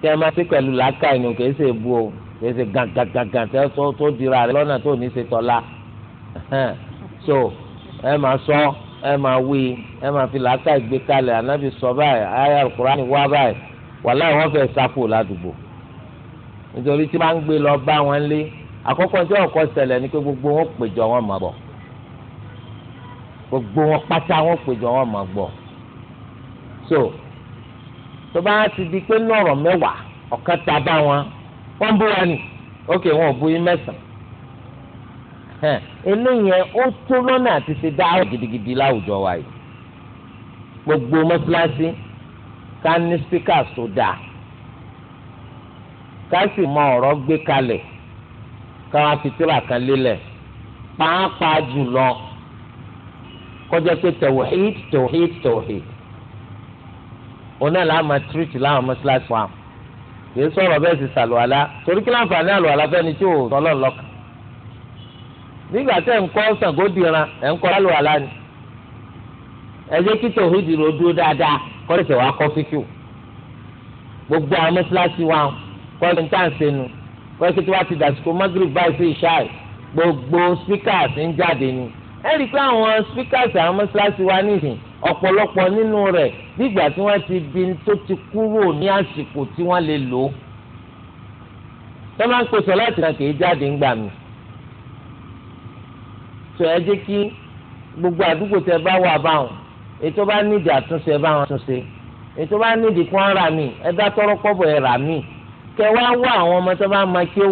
tẹ́ máa ṣe pẹ̀lú làákà ìnù kìí ṣe bu o kìí ṣe gàgàgàgà tẹ́ tó dira rẹ̀ lọ́nà tó ní ṣe tọ́lá so ẹ máa sọ. So, ẹ máa wí ẹ máa fi làákà gbé kalẹ̀ ànábì sọ báyìí ayé alukurani wá báyìí wàhálà wọn fẹ́ sáfò ládùúgbò nítorí tí máa ń gbé lọ bá wọn lé àkọ́kọ́ tí ọkọ ṣẹlẹ̀ ni pé gbogbo wọn péjọ wọn máa bọ̀ gbogbo wọn pátá wọn péjọ wọn máa gbọ́ so tó bá ti di pé nọ̀rọ̀ mẹ́wàá ọ̀kan bá wọn wọ́n bú wa nì ókè wọn ò bu yín mẹ́sàn-án eléyẹn ó tó lọ́nà àti ṣe dáhùn gidigidi láwùjọ wa yìí gbogbo mọ́ṣáláṣí ká ní spíkà sódà ká sì mọ ọ̀rọ̀ gbé kalẹ̀ ká wá fi tíra kan lélẹ̀ pàápàá jùlọ kọjá pé tawhid tawhid tawhid onáà làá máa tírìtì láwọn mọ́ṣáláṣí wa kì í sọ̀rọ̀ bẹ́ẹ̀ sì sàlùwàlá torí kí láǹfààní àlùwàlá fẹ́ni tí ò tọ́lọ́ lọ́kàn nígbà tẹ́ ń kọ́ Ṣàngó dìran ẹ̀ ń kọ́ lálù àlá ni ẹ jẹ́ kí tòhídì rò dúró dáadáa kọ́ lè tẹ̀ wá kọ́ fífíù gbogbo àwọn mọ́ṣáláṣí wa kọ́ lè ń tà ń sẹ́nu kọ́ lè tó wá ti dàsìkò magrib báyìí sí ìṣáì gbogbo speakers ń jáde ni ẹ rí i pé àwọn speakers àwọn mọ́ṣáláṣí wa nìyí ọ̀pọ̀lọpọ̀ nínú rẹ̀ nígbà tí wọ́n ti di tó ti kúrò ní àsìkò tí wọ́n lè lò ó tọ́ ń pèsè láti ràn kì í jáde ńgbà mi tó ẹ jẹ́ kí gbogbo àdúgbò tẹ bá wà báwọn ètò bá nídìí àtúnṣe ẹ bá wọn túnṣe ètò bá nídìí kí wọn rà mí ẹ dá tọrọ kọ́bọ̀ ẹ rà mí kẹ wá wá àwọn ọmọ tó bá máa kí ó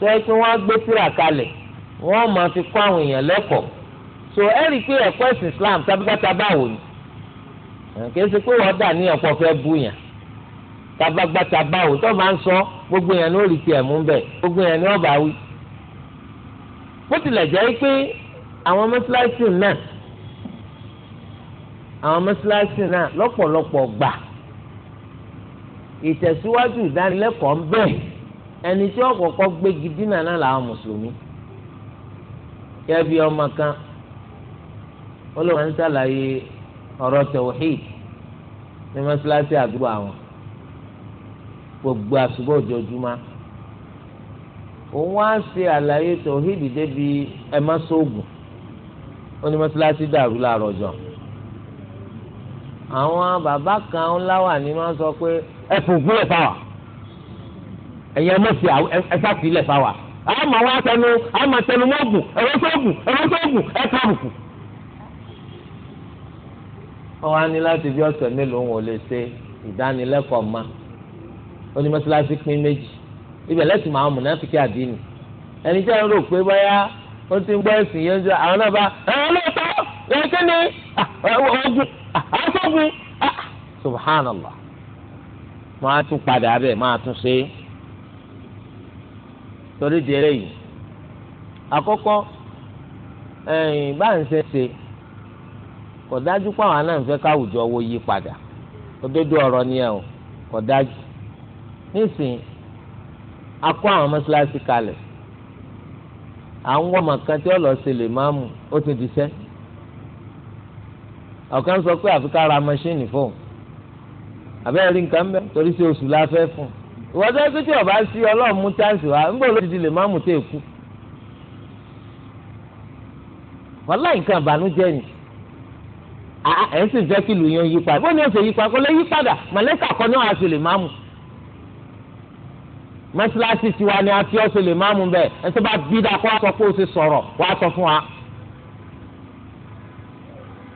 tó ẹ kí wọn gbé tírà kalẹ̀ wọn máa fi kọ́ àwọn èèyàn lẹ́kọ̀ọ́ so ẹ rí i pé ẹ̀kọ́ ẹ̀sìn Islam tábítàtà báwo ni kì í ṣe pé wọn dà ní ọ̀pọ̀ fẹ́ bú yàn tabagbata báwo tó máa ń sọ gbogbo yẹn ní ó rí tiẹ̀ mú bẹ́ẹ̀ gbogbo yẹn ní ọba wí bó tilẹ̀ jẹ́ pé àwọn mọ́ṣáláṣí náà àwọn mọ́ṣáláṣí náà lọ́pọ̀lọpọ̀ gbà ìtẹ̀síwájú ìdánilẹ́kọ̀ọ́ ń bẹ ẹni tí ó kọ́kọ́ gbégi dínà náà làwọn mùsùlùmí kẹ́bi ọmọ kan ó lọ́wọ́ ń ṣàlàyé ọ̀rọ̀ tẹ̀wọ̀hìd ní mọ́ṣáláṣí àdúgbò àwọn gbogbo àṣùbọ̀ ojoojúmọ́ òun wá ṣe àlàyé tẹ̀wọ̀hìd débi ẹ̀ má sóògùn. So wọ́n ní mọ́ṣáláṣí dàrú láàárọ̀ ọjọ́ àwọn bàbá kan ńlá wà ní wọ́n sọ pé ẹ fòkú lẹ̀ fáwà ẹ̀yẹ mọ̀sí ẹ sáfì lẹ̀ fáwà àmọ́ wọn àtẹnu àmọ́ àtẹnu wọn gùn ẹ̀rọ tó gùn ẹ̀rọ tó gùn ẹ̀ káàbùkù. wọ́n á ní láti bí ọ̀sẹ̀ mélòó wọn ò lè ṣe ìdánilẹ́kọ̀ọ́ ma wọ́n ní mọ́ṣáláṣí pín méjì ibẹ̀ lẹ́sìn máa mùnáfíkì àdínì ẹni tẹ́ ń rò pé báyà ó ti ń gbọ́ ẹ̀sìn yẹn jọ àwọn náà bá ẹ̀rọ náà tọ́ ẹ̀ kí ni ah, ọ̀gùn àtọ́gùn ah, ah, subhanallah máa tún padà bẹ́ẹ̀ máa tún ṣe é torí dèrè yìí àkọ́kọ́ ẹ̀yìn bá ń ṣe ṣe kò dájú pé àwọn náà ń fẹ́ káwùjọ wo yí padà òdodo ọ̀rọ̀ ni ẹ̀ o kò dájú nísìnyí a àwọn mọ́ṣáláṣí kalẹ̀ àwọn ọmọ kan tí ọlọ ṣe lè máa mú ó ti di sẹ ọ̀kan sọ pé àfi ká ra mọ́ṣíìnì fóun àbẹ́rẹ́ rí nǹkan mẹ́ torí sí oṣù la fẹ́ fún ìwọ tó yẹ kí ọba sí ọlọ́run mú táǹsì wá ń bọ̀ ló ti lè má mú tó èkú wàhálà nǹkan ìbànújẹ́ ni ẹ̀ ń sì fẹ́ kí ìlú yẹn yí padà bó ni ó ṣe yí padà lè yí padà kan náà á sì lè má mú mọ́ṣáláṣí tiwa ni a fi ọ́sọ lè máàmù bẹ́ẹ̀ ẹ tó bá bí dáa kó a sọ pé o ṣe sọ̀rọ̀ wá sọ fún wa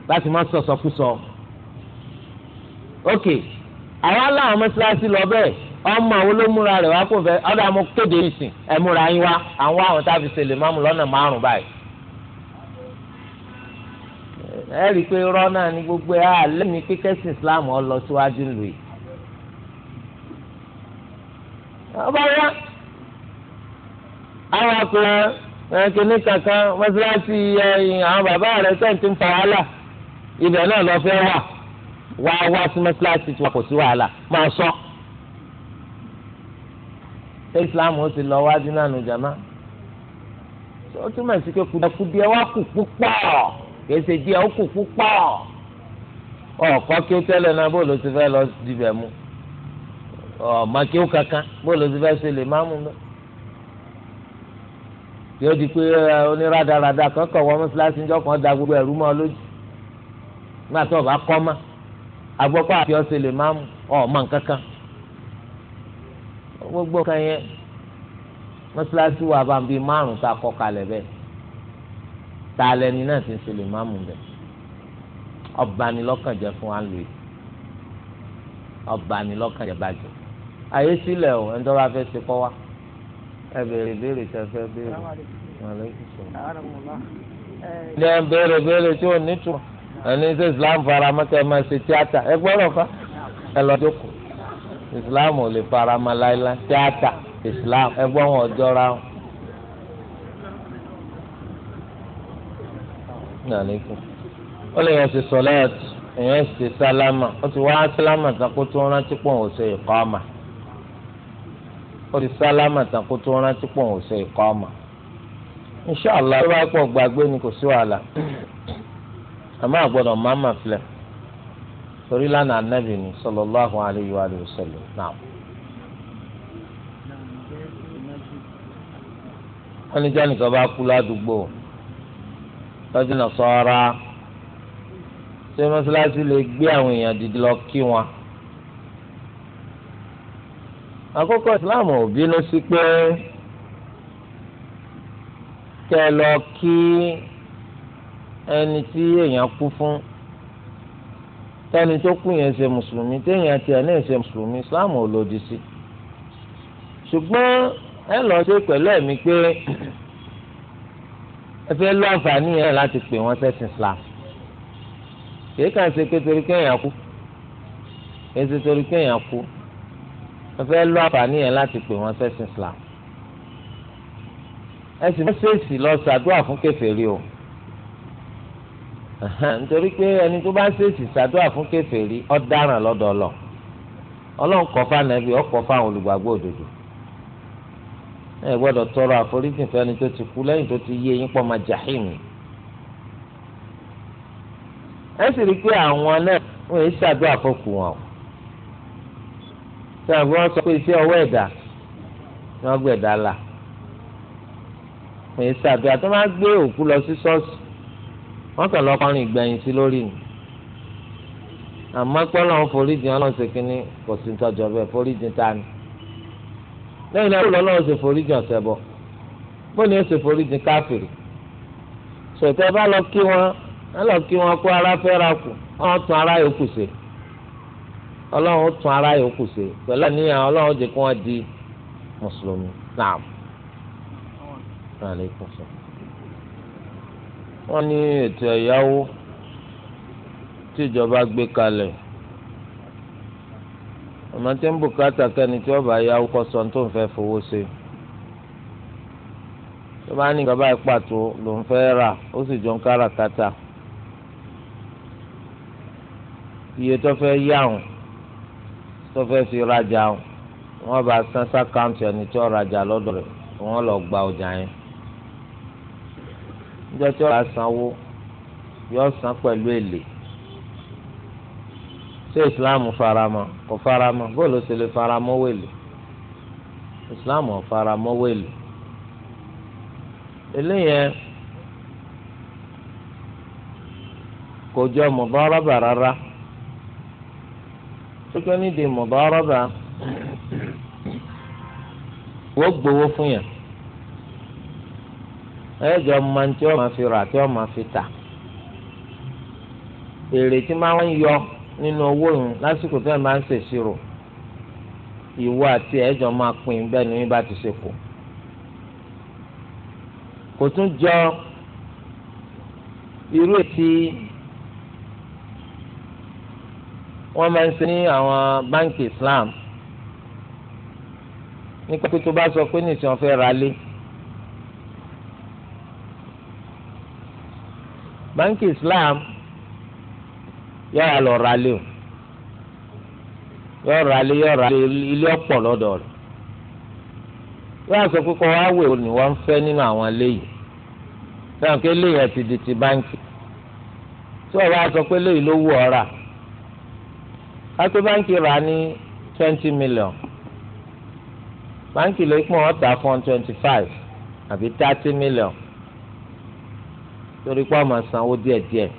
láti má sọ sọkúsọ. ok àwa làwọn mọ́ṣáláṣí lọ bẹ́ẹ̀ ọmọ àwọn olómúra rẹ̀ wá kó fẹ́ ọ̀dọ̀ àmọ́ kéde ìsìn ẹ̀ múra yín wá àwọn àwọn tá a fi ṣe lè máàmù lọ́nà márùn-ún báyìí ẹ rí i pé rọ́nà ni gbogbo ẹ alẹ́ ni pé kẹ́sì Islam ọ lọ síwájú lùi ọba ya àwọn akọ̀ọ́ kìnnì kankan mọ́sálásí àwọn bàbá rẹ̀ sẹ́ǹtì ń fa wàhálà ibẹ̀ náà lọ fẹ́ wà wá wá sí mọ́sálásí tí wọ́n kò sí wàhálà máa sọ. Islam ó ti lọ wájú náà nù jàmá ó túmọ̀ sí pé kùdàkùdìẹ wá kù púpọ̀ kìí ṣe díẹ̀ ó kù púpọ̀ ọ̀kọ́ kí ó tẹ́lẹ̀ náà bó ló ti fẹ́ lọ dibẹ̀ mú ọ màkíw kankan bóòlù ti fẹ́ ṣe lè má mú bẹ́ẹ̀. yóò di pé oníradàradà kankan wọ́n mọ́ṣáláṣí ńjọ́ kan da gbogbo ẹ̀rú mọ́ lójú nígbà tó o bá kọ́ ma agbọ́pọ̀ àti ọ̀ṣẹ̀ lè má mú ọ mọ̀ nkankan. gbogbo kan yẹn mọ́ṣáláṣí wà bá bíi márùn-ún tá a kọ́ kalẹ̀ bẹ́ẹ̀ tá a lẹni náà ti ń ṣe lè má mú bẹ́ẹ̀ ọbanilọ́kànjẹ́ fún wa lóye ọbanilọ́kànjẹ́ bàjẹ́ àyè sílẹ̀ o ẹni tó bá fẹ́ ṣe kọ́ wa ẹ béèrè béèrè tẹ fẹ́ béèrè ilé ẹ béèrè béèrè tí ò ní tù ẹni ṣe Islam faramọ́tẹ́ máa ṣe tíátà ẹ gbọ́dọ̀ fa ẹ lọ jókòó Islam ò lè faramọ́ láéláé tíátà Islam ẹ gbọ́ wọn jọra o. nàlẹ́kùn ó lè yàn ṣe sọ̀lẹ́ẹ̀tì èèyàn ṣe sálámà ó ti wá sálámà tán kó tó rántí pọ̀ ń ìkọ́ àmà. ó lè sálámà tán kó tó rántí pọ̀ ò ṣe ìkọ́ ọmọ. inṣàlá tó bá pọ̀ gbàgbé ni kò sí wàhálà àmọ́ àgbọ̀dọ̀ máa filẹ̀ torí lánàá nàbì ni sallallahu alayhi wa sallam náà. wọ́n ní bá kú ládùúgbò náà ṣé lè gbé àwọn èèyàn lọ kí wọn. àkọ́kọ́ islam ò bínú sí pé kẹ lọ kí ẹni tí èèyàn kú fún tẹni tó kú yẹn ṣe mùsùlùmí téèyàn tiẹ̀ náà ṣe mùsùlùmí islam ò lòdì sí ṣùgbọ́n ẹ lọ ṣe pẹ̀lú ẹ̀mí pé ẹ fẹ́ lọ àǹfààní yẹn láti pè wọ́n sẹ́sìn islam kì í kàn ṣe pé torí kéèyàn kú kì í ṣe torí kéèyàn kú wọ́n fẹ́ lọ àǹfààní yẹn láti pè wọ́n sẹ́sìn Islam ẹ sì mẹ́sẹ̀ẹ̀sì lọ sàdúrà fún kèfèrí o nítorí pé ẹni tó bá ṣèṣì sàdúrà fún kèfèrí ọ̀daràn lọ́dọ̀ ọlọ́ ọlọ́run kọ́ fáànàbí ọkọ̀ fáwọn olùgbàgbọ́ òdodo ẹ gbọ́dọ̀ tọrọ àforíjì fẹ́ni tó ti kú lẹ́yìn tó ti yé yín pọ̀ máa jàhìm ẹ sì rí i pé àwọn náà wọ́n yéé sàdúrà fọ́kù wọn o sọ̀rọ̀ wọ́n sọ pé iṣẹ́ ọwọ́ ẹ̀dá ni wọ́n gbẹ̀dá là pé sàbẹ̀ àti wọ́n máa gbé òkú lọ sí ṣọ́ọ̀ṣì wọ́n kàn lọ́kọ́rin ìgbẹ̀yìn sí lórí ni àmọ́ pé ọlọ́run foríjì ọlọ́run ṣe kínní kò sí tọ́jọ́ bẹ́ẹ̀ foríjì ta ni lẹ́yìn náà bóòlù ọlọ́run ṣe foríjì ọ̀sẹ̀ bọ̀ bóòlù yóò ṣe foríjì káfìrì sọ̀tẹ́ bá lọ kí wọn lọ kí wọn kó ara fẹ́ ra kù wọ́n tún ara yòókù ṣe ọlọ́run tún ara yòókù ṣe pẹ̀lú àníyàn ọlọ́run jẹ́ kí wọ́n di mùsùlùmí náà alaikum salaam. wọ́n ní ètò ẹ̀yáwó tí ìjọba gbé kalẹ̀ ọmọ tí ń bùkátà kẹ́ni tí wọ́n bá yáwó kọ́ sọ tó ń fẹ́ fowó ṣe tó bá ní ìjọba ìpàtó ló ń fẹ́ rà ó sì jọ ń káràkátà iye tó fẹ́ yá tó fẹ́ fi rajà o wọ́n bá san sákàǹtì ẹni tí ó rajà lọ́dọ̀ rẹ̀ wọ́n lọ gba ọjà yẹn níjọ́ tí ó bá sanwó yóò san pẹ̀lú èlé ṣé ìsìláàmù faramọ́ kò faramọ́ bóòlù ṣe lè faramọ́ wèlé ìsìláàmù faramọ́ wèlé eléyẹn kò jọ mọ̀ bá rọ́bà rárá. pípé nídìí mọ̀bárọ́bà wọ́n gbowó fún yàn ẹ̀jọ̀ máa ń tí wọ́n máa fi rà tí wọ́n máa fi tà èrè tí máa ń yọ nínú owó yìí lásìkò tí wọ́n máa ń ṣèṣirò ìwọ àti ẹ̀jọ̀ máa pín bẹ́ẹ̀ ni wọ́n bá ti ṣe kù jọ irú ètí. wọ́n máa ń ṣe ní àwọn báńkì Islam nípa pé tó bá sọ pé nìsín fẹ́ ra lé báńkì Islam yóò lọ ra lé o yóò ra lé yóò ra lé ilé ọ̀pọ̀ lọ́dọ̀ rẹ̀ yóò sọ pé kọ́ wá wè ni wọ́n fẹ́ nínú àwọn eléyìí sọ̀rọ̀ pé eléyìí ẹ̀ ti di ti báńkì tí wọ́n bá sọ pé eléyìí ló wù ọ́ rà. pé báńkì rà ní twenty million Banki lè pọ̀ wọ́n tà fún twenty five àbí thirty million torí pé ọmọ sanwó díẹ̀díẹ̀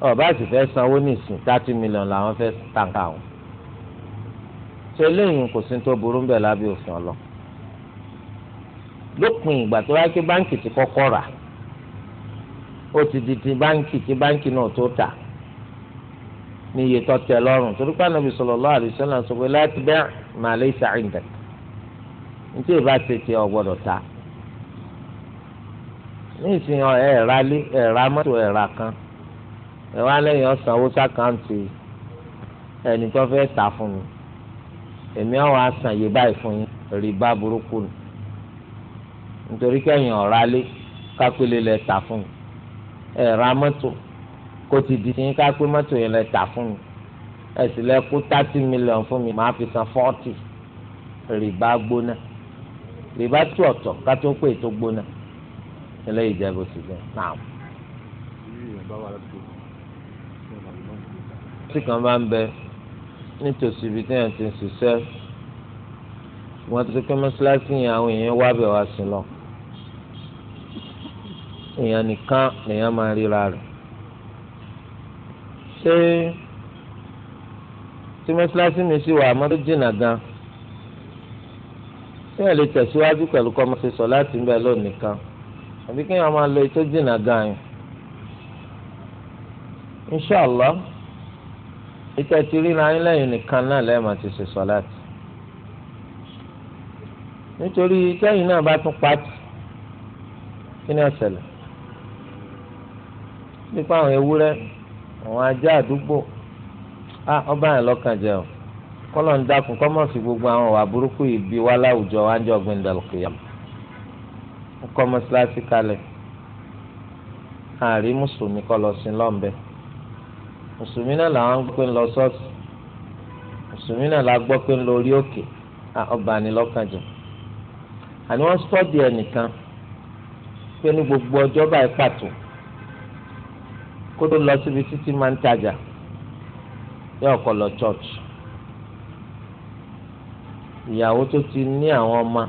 ọba sì fẹ́ sanwó nísìn thirty million làwọn fẹ́ tanka wọn ṣe eléyìí kò sí tó burú bẹ́ẹ̀ lábẹ́ òfin ọlọ lópin ìgbà tó wáyé pé báńkì ti kọ́kọ́ rà ó ti di ti báńkì tí báńkì náà tó tà. No ní iye tó tẹ́ lọ́rùn torí pé anabi sallallahu alaihi wasallam sọ pé la tubi' ma laysa 'indak nítorí ìbá ṣe tiẹ̀ ò gbọ́dọ̀ ta ní ìsìn ẹ̀ẹ̀ra lé ẹ̀ẹ̀ra mọ́tò ẹ̀ẹ̀ra kan ẹ̀wá lẹ́yìn ọ̀sán owó sàkáǹtì ẹni tó fẹ́ tà fún mi èmi àwọn àṣàn yìí báyìí fún yín rìbá burúkú ni nítorí kẹ́yìn ọ̀ra lé kápẹ́lẹ́ lẹ fún mi ẹ̀ẹ̀ra mọ́tò kó ti di yín ká pé mọ́tò yẹn lẹ tà fún mi ẹ sì lẹ kó thirty million fún mi màá fi san forty rìbá gbóná rìbá tú ọ̀tọ̀ ká tó pè tó gbóná eléyìí jẹ́ bó ti jẹ́ náà. tí kan bá ń bẹ nítòsí ibi tí yẹn ti ń ṣiṣẹ́ wọ́n ti pé mọ́ṣáláṣí yẹn àwọn èèyàn wá bẹ̀ wá sí lọ èèyàn nìkan lèèyàn máa ríra rẹ̀ ṣé tí mọ́ṣáláṣí mi sì wà àmọ́ tó jìnnà gan ṣé ẹ lè tẹ̀síwájú pẹ̀lú kọ́ máa ṣe sọ láti ń bẹ lónìí kan àbí kí wọ́n máa lọ ètò jìnnà gan yìí inṣàlá ìtẹ̀ tí rí náà lẹ́yìn nìkan náà lẹ́yìn máa ti ṣe sọ láti nítorí tẹ́yìn náà bá tún pàtì kí ni ọ̀sẹ̀ lẹ̀ nípa àwọn ewúrẹ́. àwọn ajá àdúgbò a ọba yẹn lọ́kàn jẹ́ o kọ́lọ̀ ń dákun gbogbo àwọn wà burúkú yìí bí wá láwùjọ wá ń jọ gbin dàlùkìyàm ń mùsùlùmí kọ́ lọ sí mùsùlùmí náà làwọn ń sọ́ọ̀sì mùsùlùmí náà la pé ń orí òkè ọba ni lọ́kàn kó tó lọ síbi títí máa ń tajà yóò kọ́ lọ church ìyàwó tó ti ní àwọn ọmọ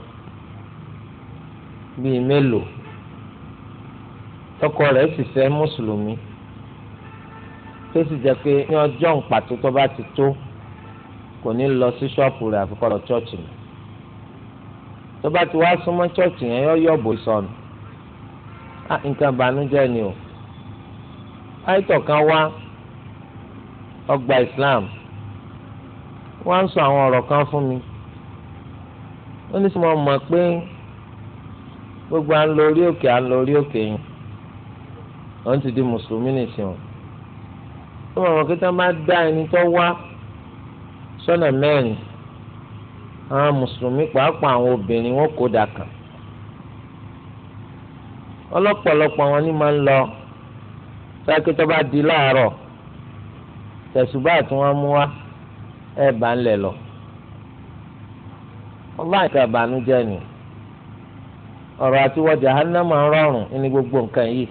bíi mélòó tọkọ rẹ̀ sì fẹ́ mùsùlùmí tó sì jẹ́ pé ní ọjọ́ ìpàtó tó bá ti tó kò ní lọ sí ṣọ́ọ̀pù rẹ̀ àfi kó lọ church ni tó bá ti wá súnmọ́ church yẹn yọ yọ̀bù sọnù ah, nǹkan ìbànújẹ́ ni o àìtọ̀ kan wá ọgbà Islam wọ́n á sọ àwọn ọ̀rọ̀ kan fún mi ó ní sọ mọ̀ pé gbogbo à ń lọ orí òkè à ń lọ orí òkè yìí wọ́n ti di mùsùlùmí nìsín ó mọ̀ pé tá a máa dá ẹni tó wá sọ́nà mẹ́rin àwọn mùsùlùmí pàápàá àwọn obìnrin wọn kò dà kàn ọlọ́pọ̀lọpọ̀ wọn ni máa ń lọ pẹ́ẹ́kì tó bá di láàárọ̀ tẹ̀sùbá tí wọ́n mú wá ẹ̀ bá ń lẹ̀ lọ. ọlọ́run ìka ìbànújẹ́ ni ọ̀rọ̀ àti wọ jahannama ń rọrùn ní gbogbo nǹkan yìí.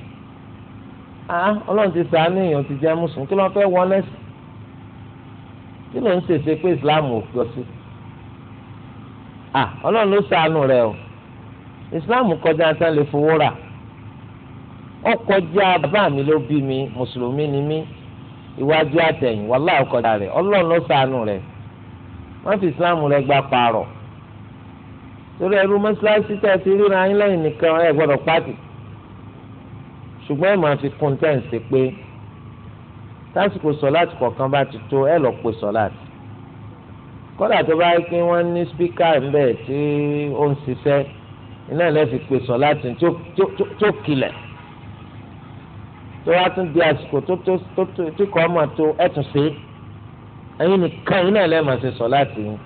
ah ọlọ́run ti ṣàánú èèyàn ti jẹ́ mùsùlùmí kí ló ń fẹ́ wọ́n lẹ́sìn kí ló ń ṣèṣe pé islam ò gbọ́ sí. ah ọlọ́run ló ṣàánú rẹ o islam kọjá tán lè fowó rà ọkọjá bàbá mi ló bí mi mùsùlùmí ni mí iwájú àtẹ̀yìn wàláhì ọkọjá rẹ̀ ọlọ́run ló ṣàánú rẹ̀ wọ́n fi islam rẹ̀ gba pààrọ̀ torí ẹrú mọ́ṣáláṣí tẹ̀ ti ríra yín lẹ́yìn nìkan ẹ gbọ́dọ̀ pàtì ṣùgbọ́n ẹ̀ máa fi kún tẹ̀sí pé tásìkò sọ̀láàtì kọ̀ọ̀kan bá ti tó ẹ lọ pe sọ̀láàtì kọ́dà tó bá pín wọ́n ní spíkà ńbẹ̀ tí ó ń ṣiṣẹ́ iná ẹ̀ lẹ́ fi pe sọ̀láàtì tó kilẹ̀ tó wá tún di àsìkò tó tó tó tí kò ọmọ tó ẹtùn sí ẹ̀yin nìkan yìí náà lẹ́ẹ̀mọ̀ ṣe sọ láti yín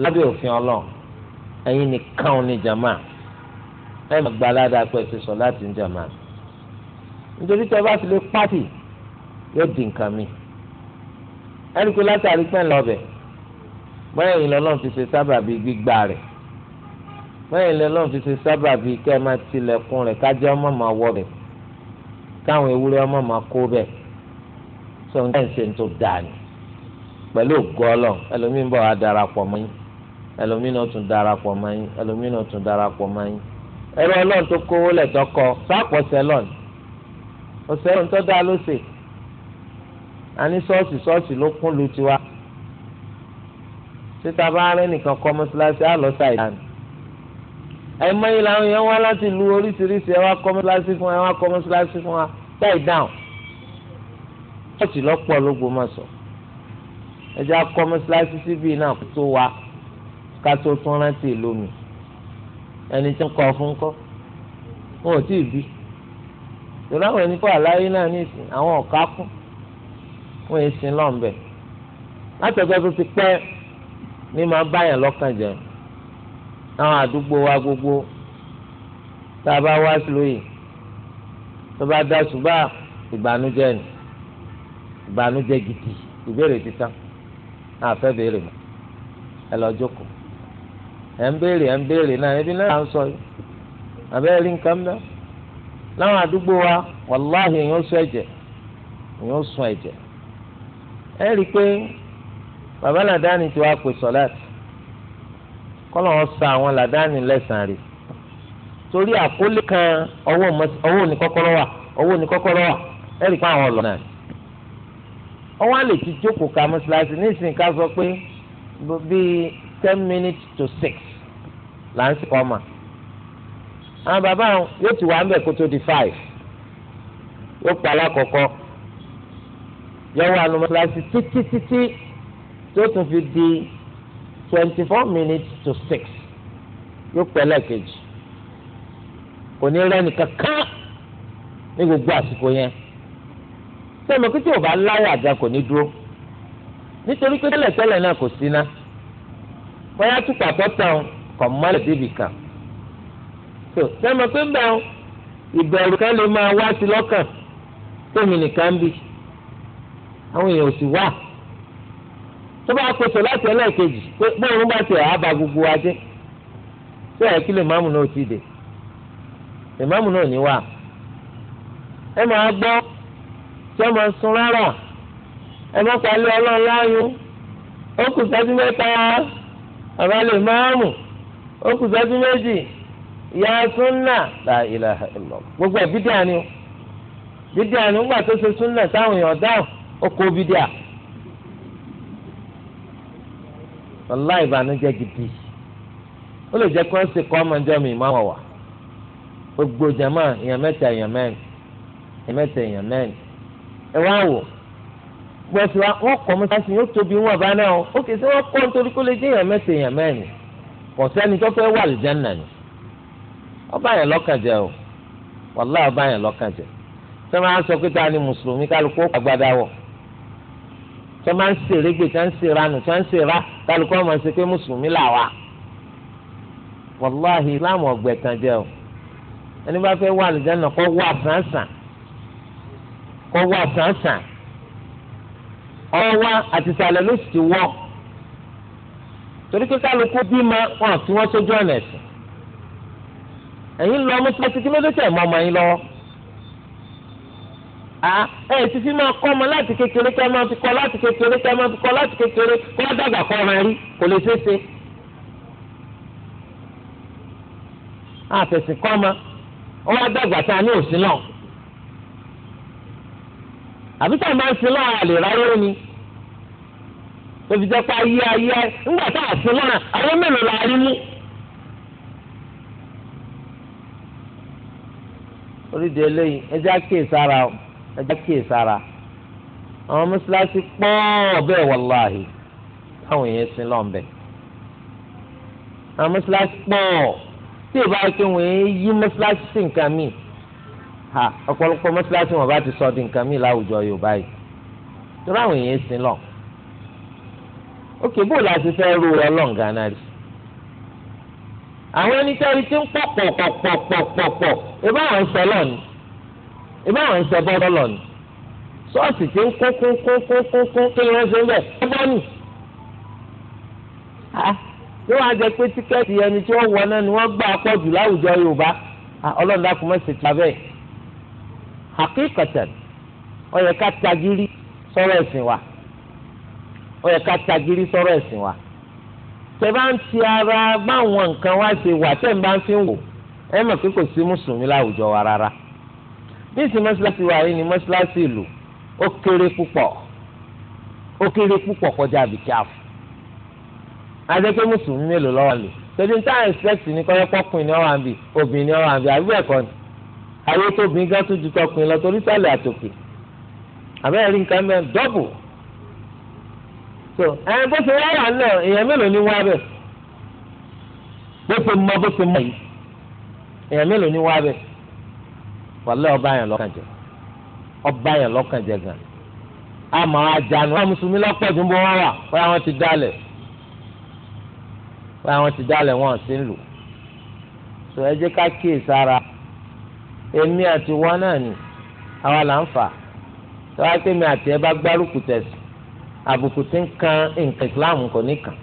lábẹ́ òfin ọlọ́run ẹ̀yin nìkan ò ní jàmá ẹ̀ máa gba ṣe sọ láti ń jàmá nítorí tẹ́ bá ti lè pàtì yóò di nǹkan mi ẹni pé látàrí pẹ́ẹ́n lọ́bẹ̀ bẹ́ẹ̀ ni lọ́lọ́run fi ṣe sábàbí gbígbà rẹ̀ bẹ́ẹ̀ ni lọ́lọ́run fi ṣe sábàbí kẹ́ ẹ máa tilẹ̀kùn rẹ̀ kájọ́ mọ́ máa wọ rẹ̀ káwọn ewúrẹ́ ọmọ máa kó bẹ́ẹ̀ sọ ní ẹ̀ǹsẹ̀ tó dáa ni pẹ̀lú ògọ́lọ̀ ẹlòmíín bọ̀ wá darapọ̀ mọ́ yín ẹlòmíín náà tún darapọ̀ mọ́ yín ẹlòmíín náà tún darapọ̀ mọ́ yín ẹ̀rọ ọlọ́run tó kówó lẹ̀ tọkọ sáàpọ̀ sẹ́lọ̀n ọ̀sẹ̀lọ̀n tó dáa ló àní ṣọ́ọ̀ṣì ṣọ́ọ̀ṣì ló kún lu tiwa títa bá rẹ́ nìkan kọ́ mọ́ṣáláṣí àlọ́ sáì dáni àìmọye làwọn èèyàn wá láti lu oríṣiríṣi ẹ wá kọ́ mọ́ṣáláṣí fún wa ẹ wá kọ́ mọ́ṣáláṣí fún wa táì dáhùn ṣọ́ọ̀ṣì lọ́pọ̀ lógo máa sọ ẹ jẹ́ akọ́ mọ́ṣáláṣí síbi náà kó tó wa ká tó tún rántí ìlú mi ẹni tí ń kọ́ fún kọ́ wọn ò tíì bí tòlá àwọn ẹni kọ́ àláyé náà ní ìsìn àwọn ọ̀ká kún wọn èsìn lọ́nbẹ̀ látọ̀gbẹ́ tó ti pẹ́ ní máa báyàn lọ́kàn jẹun náà àdúgbò wa gbogbo tá a bá wá sílóyè tó bá dá ṣùgbà ìbànújẹ́ ni ìbànújẹ́ gidi ìbéèrè títàn náà fẹ́ béèrè mọ́ ẹ lọ jókòó ẹ ń béèrè ẹ ń béèrè náà ẹbí náà à ń sọ yìí àbẹ́rẹ́ rí nǹkan mẹ́ láwọn àdúgbò wa wàláhì èèyàn sọ ẹ̀jẹ̀ èèyàn sọ ẹ̀jẹ̀ ẹ rí i pé bàbá làdáni tí wàá pè sọ̀láàtì kọ́lọ̀ wọn sa àwọn làdáni lẹ́sàn-án rẹ̀ torí àkólé kan ọwọ́ ní kọ́kọ́rọ́ wà ọwọ́ ní kọ́kọ́rọ́ wà ẹ̀rí pa àwọn ọlọ́nà rẹ̀ ọwọ́ àlè ti jókòó ka mọ́ṣáláṣí nísìnyí ká sọ pé bíi ten minutes to six là ń sìkọ́ mà àwọn bàbá yóò ti wà ń bẹ̀ kó tó di five yóò pa alákọ̀ọ́kọ́ yọ wà nù mọ́ṣáláṣí títí títí tó tún fi di. twenty four minutes to six yóò pẹ́lẹ́ kejì kò ní rẹ́ni kankan ní gbogbo àsìkò yẹn sẹ́mi pé tí o bá láyà àga kò ní dúró nítorí pé tẹ́lẹ̀tẹ́lẹ̀ náà kò sí ná bóyá túpà tó tán kọ̀ mọ́lẹ̀ débi kan tó sẹ́mi pé bẹ́ẹ̀ ìbẹ̀rù kan lè máa wá sí lọ́kàn tómi nìkan bí àwọn èèyàn ò sì wá tó bá pèsè láti ẹlẹ́ẹ̀kejì pé bóun bá tiẹ̀ á ba gbogbo wa jẹ́ tó yẹ kí lè máàmù náà ti dè lè máàmù náà ní wà ẹ máa gbọ́ tí ẹ máa sun rárá ẹ máa palẹ̀ ọlọ́run láàyò ó kù sẹ́jú mẹ́ta àbá lè máàmù ó kù sẹ́jú méjì ìyá súnà la ilaha illallah gbogbo ẹ̀ bídíà ni bídíà ni ńgbà tó ṣe súnà táwọn èèyàn dáhùn ó kó bídíà. ọlá ìbànújẹ́ gidi ó lè jẹ́ kí wọ́n ṣe kọ́ ọmọ ìjọ mi máa wà wá gbogbo jama èèyàn mẹ́ta èèyàn mẹ́rin èèyàn mẹ́ta èèyàn mẹ́rin ẹ wá wò gbọ́sọ̀ wọn kọ́ mọ́sáàsì yóò tóbi wọn bá náà ó kì í sẹ́ wọ́n kọ́ nítorí kó lè jẹ́ èèyàn mẹ́ta èèyàn mẹ́rin kò sẹ́ni tó fẹ́ wà lìjánà ni ọba yẹn lọ́kàn jẹ o wàlá ọba yẹn lọ́kàn jẹ sọ ma sọ pé ta ni mùsùlùmí kálukú àgbàdá tó máa ń ṣèrégbè tó ń ṣèranù tó ń ṣèrà kálukú ọmọ ṣe pé mùsùlùmí là wá. wàláhì islam ọ̀gbẹ̀tàn jẹ́ o ẹni bá fẹ́ wà lùjánà kó wà sàǹsàn kó wà sàǹsàn ọwọ́ àtìsàlẹ̀ ló sì ti wọ́ torí pé kálukú bímọ wọn àti wọn sójú ọ̀nà ẹ̀sìn ẹ̀yin lọ mọ́tíkọ́tì kí ló dé tẹ̀ mọ́ ọmọ yín lọ́wọ́. a ah, ẹ Sisi máa kọ́ ọmọ láti kékeré kẹ́ máa fi kọ́ láti kékeré kẹ́ máa fi kọ́ láti kékeré kọ́ wá dàgbà kọ́ ọmọ rí kò lè a àfẹ̀sìn kọ́ ọmọ dàgbà tá a ní òsín náà. àbí a máa ń sin náà àlè ráyé ni. ńgbà tá a sin náà àwọn mélòó la rí mú. ẹjẹ́ kíyè sára àwọn mọ́ṣáláṣí pọ́ọ̀ bẹ́ẹ̀ wàláhì káwọn èèyàn sin lọ́nbẹ̀ àwọn mọ́ṣáláṣí pọ́ọ̀ tí ìbá kí wọ́n yí mọ́ṣáláṣí sí nǹkan míì ha ọ̀pọ̀lọpọ̀ mọ́ṣáláṣí wọn bá ti sọ di nǹkan míì láwùjọ Yorùbá yìí torí àwọn èèyàn sin lọ òkè bó la ti fẹ́ ru ọlọ́ǹgá náà rí àwọn ẹni tẹ́rí tí ń pọ̀ pọ̀ pọ̀ pọ̀ pọ̀ pọ̀ ìbá àwọn sọ lọ́nìí ìbá àwọn ń sọ bọ́ọ̀rọ̀ lọ ni ṣọ́ọ̀ṣì ti ń kún kún kún kún kún kún kí ni wọ́n ṣe ń bẹ̀ ọgbọ́n nì. yóò wá jẹ pé tíkẹ́ẹ̀tì ẹni tí wọ́n wọ náà ni wọ́n gbà pọ̀ jù láwùjọ Yorùbá ah, ọlọ́run dákun mọ́ ṣètò abẹ́ àkíkọ̀tàn ó yẹ ká tagiri sọ̀rọ̀ ẹ̀sìn wa ó ká tagiri sọ̀rọ̀ ẹ̀sìn wa tẹ bá ń ti ara báwọn nǹkan wá ṣe wà tẹ̀ ń bá ń fi wò ẹ mọ̀ pé kò sí mùsùlùmí láwùjọ wa rárá níìsín mọ́ṣáláṣí wa yìí ni mọ́ṣáláṣí ìlú ó kéré púpọ̀ ó kéré púpọ̀ kọjá àbíkí àfọ̀ adékẹ́ mùsùlùmí mélòó lọ́wọ́ lò tẹ̀lé táwọn ẹ̀sẹ̀kì ní kọ́yọ́pọ̀ pin ní ọ̀wà àbí obìnrin ní ọ̀wà àbí àbí ẹ̀kọ́ ni ayé tó bí gán tó ju tọkùnrin lọ torí sálẹ̀ àtòkè àbẹ́rẹ́ rí nǹkan mẹ́rin dọ́bù so ẹ̀yin bó ṣe wá wà náà èèyàn mélòó ni wá bẹ̀ bó ṣe mọ bó ṣe mọ yìí èèyàn mélòó ni wá bẹ̀ wàlẹ́ ọba yẹn lọ́kàn jẹ ọba yẹn lọ́kàn jẹ gan àmọ́ àjànù àwọn mùsùlùmí lọ́pọ̀ tó ń bọ́ wọ́n wà wọ́n àwọn ti dálẹ̀ wọ́n àwọn ti dálẹ̀ wọ́n sì ń lù tó ẹ jẹ́ ká kíyè sára èmi àti wọn náà ni àwa là ń fà tó wá pé mi àti ẹ bá gbárùkù tẹ̀sí àbùkù tí ń kan nǹkan Islam kò ní kàn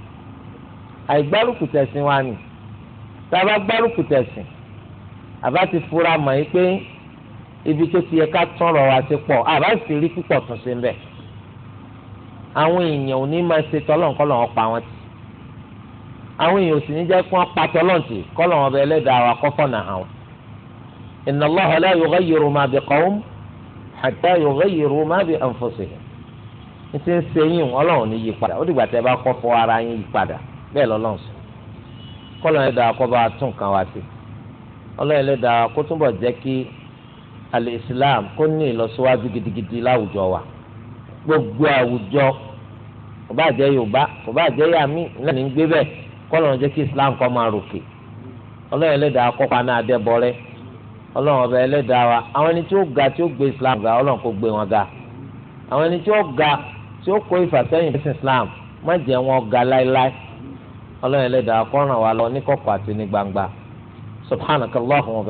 àìgbárùkù tẹ̀sí wa ni tá a bá gbárùkù tẹ̀sí àbá ti fura mọ̀ yìí pé. ibi tó ti yẹ ká tọrọ wa ti pọ̀ àbá sì rí mbe. tún sí mbẹ àwọn èèyàn ò ní máa ṣe tọlọ́n kọ́ lọ́wọ́ pa wọn tì àwọn èèyàn ò sì ní jẹ́ kí wọ́n pa tọlọ́n tì kọ́ lọ́wọ́ bẹ ẹlẹ́dàá wa kọ́ fọ̀nà ma padà ó dìgbà tẹ́ bá ara yín yí padà bẹ́ẹ̀ lọ́lọ́run sọ alìsílám kó ní ìlọsíwájú gidigidi láwùjọ wa gbogbo àwùjọ kò bá jẹ́ yorùbá kò bá jẹ́ yàmi ń gbé bẹ́ẹ̀ kọ́lọ́run jẹ́ kí islam kọ máa ròkè ọlọ́run ẹlẹ́dàá kọ́pa náà ọba wa àwọn ẹni tí ga tí ó gbé islam ga gbé wọn ga àwọn ẹni tí ó ga tí ó kó islam má wọn ga láéláé lọ ní kọ̀kọ̀ àti ní gbangba wa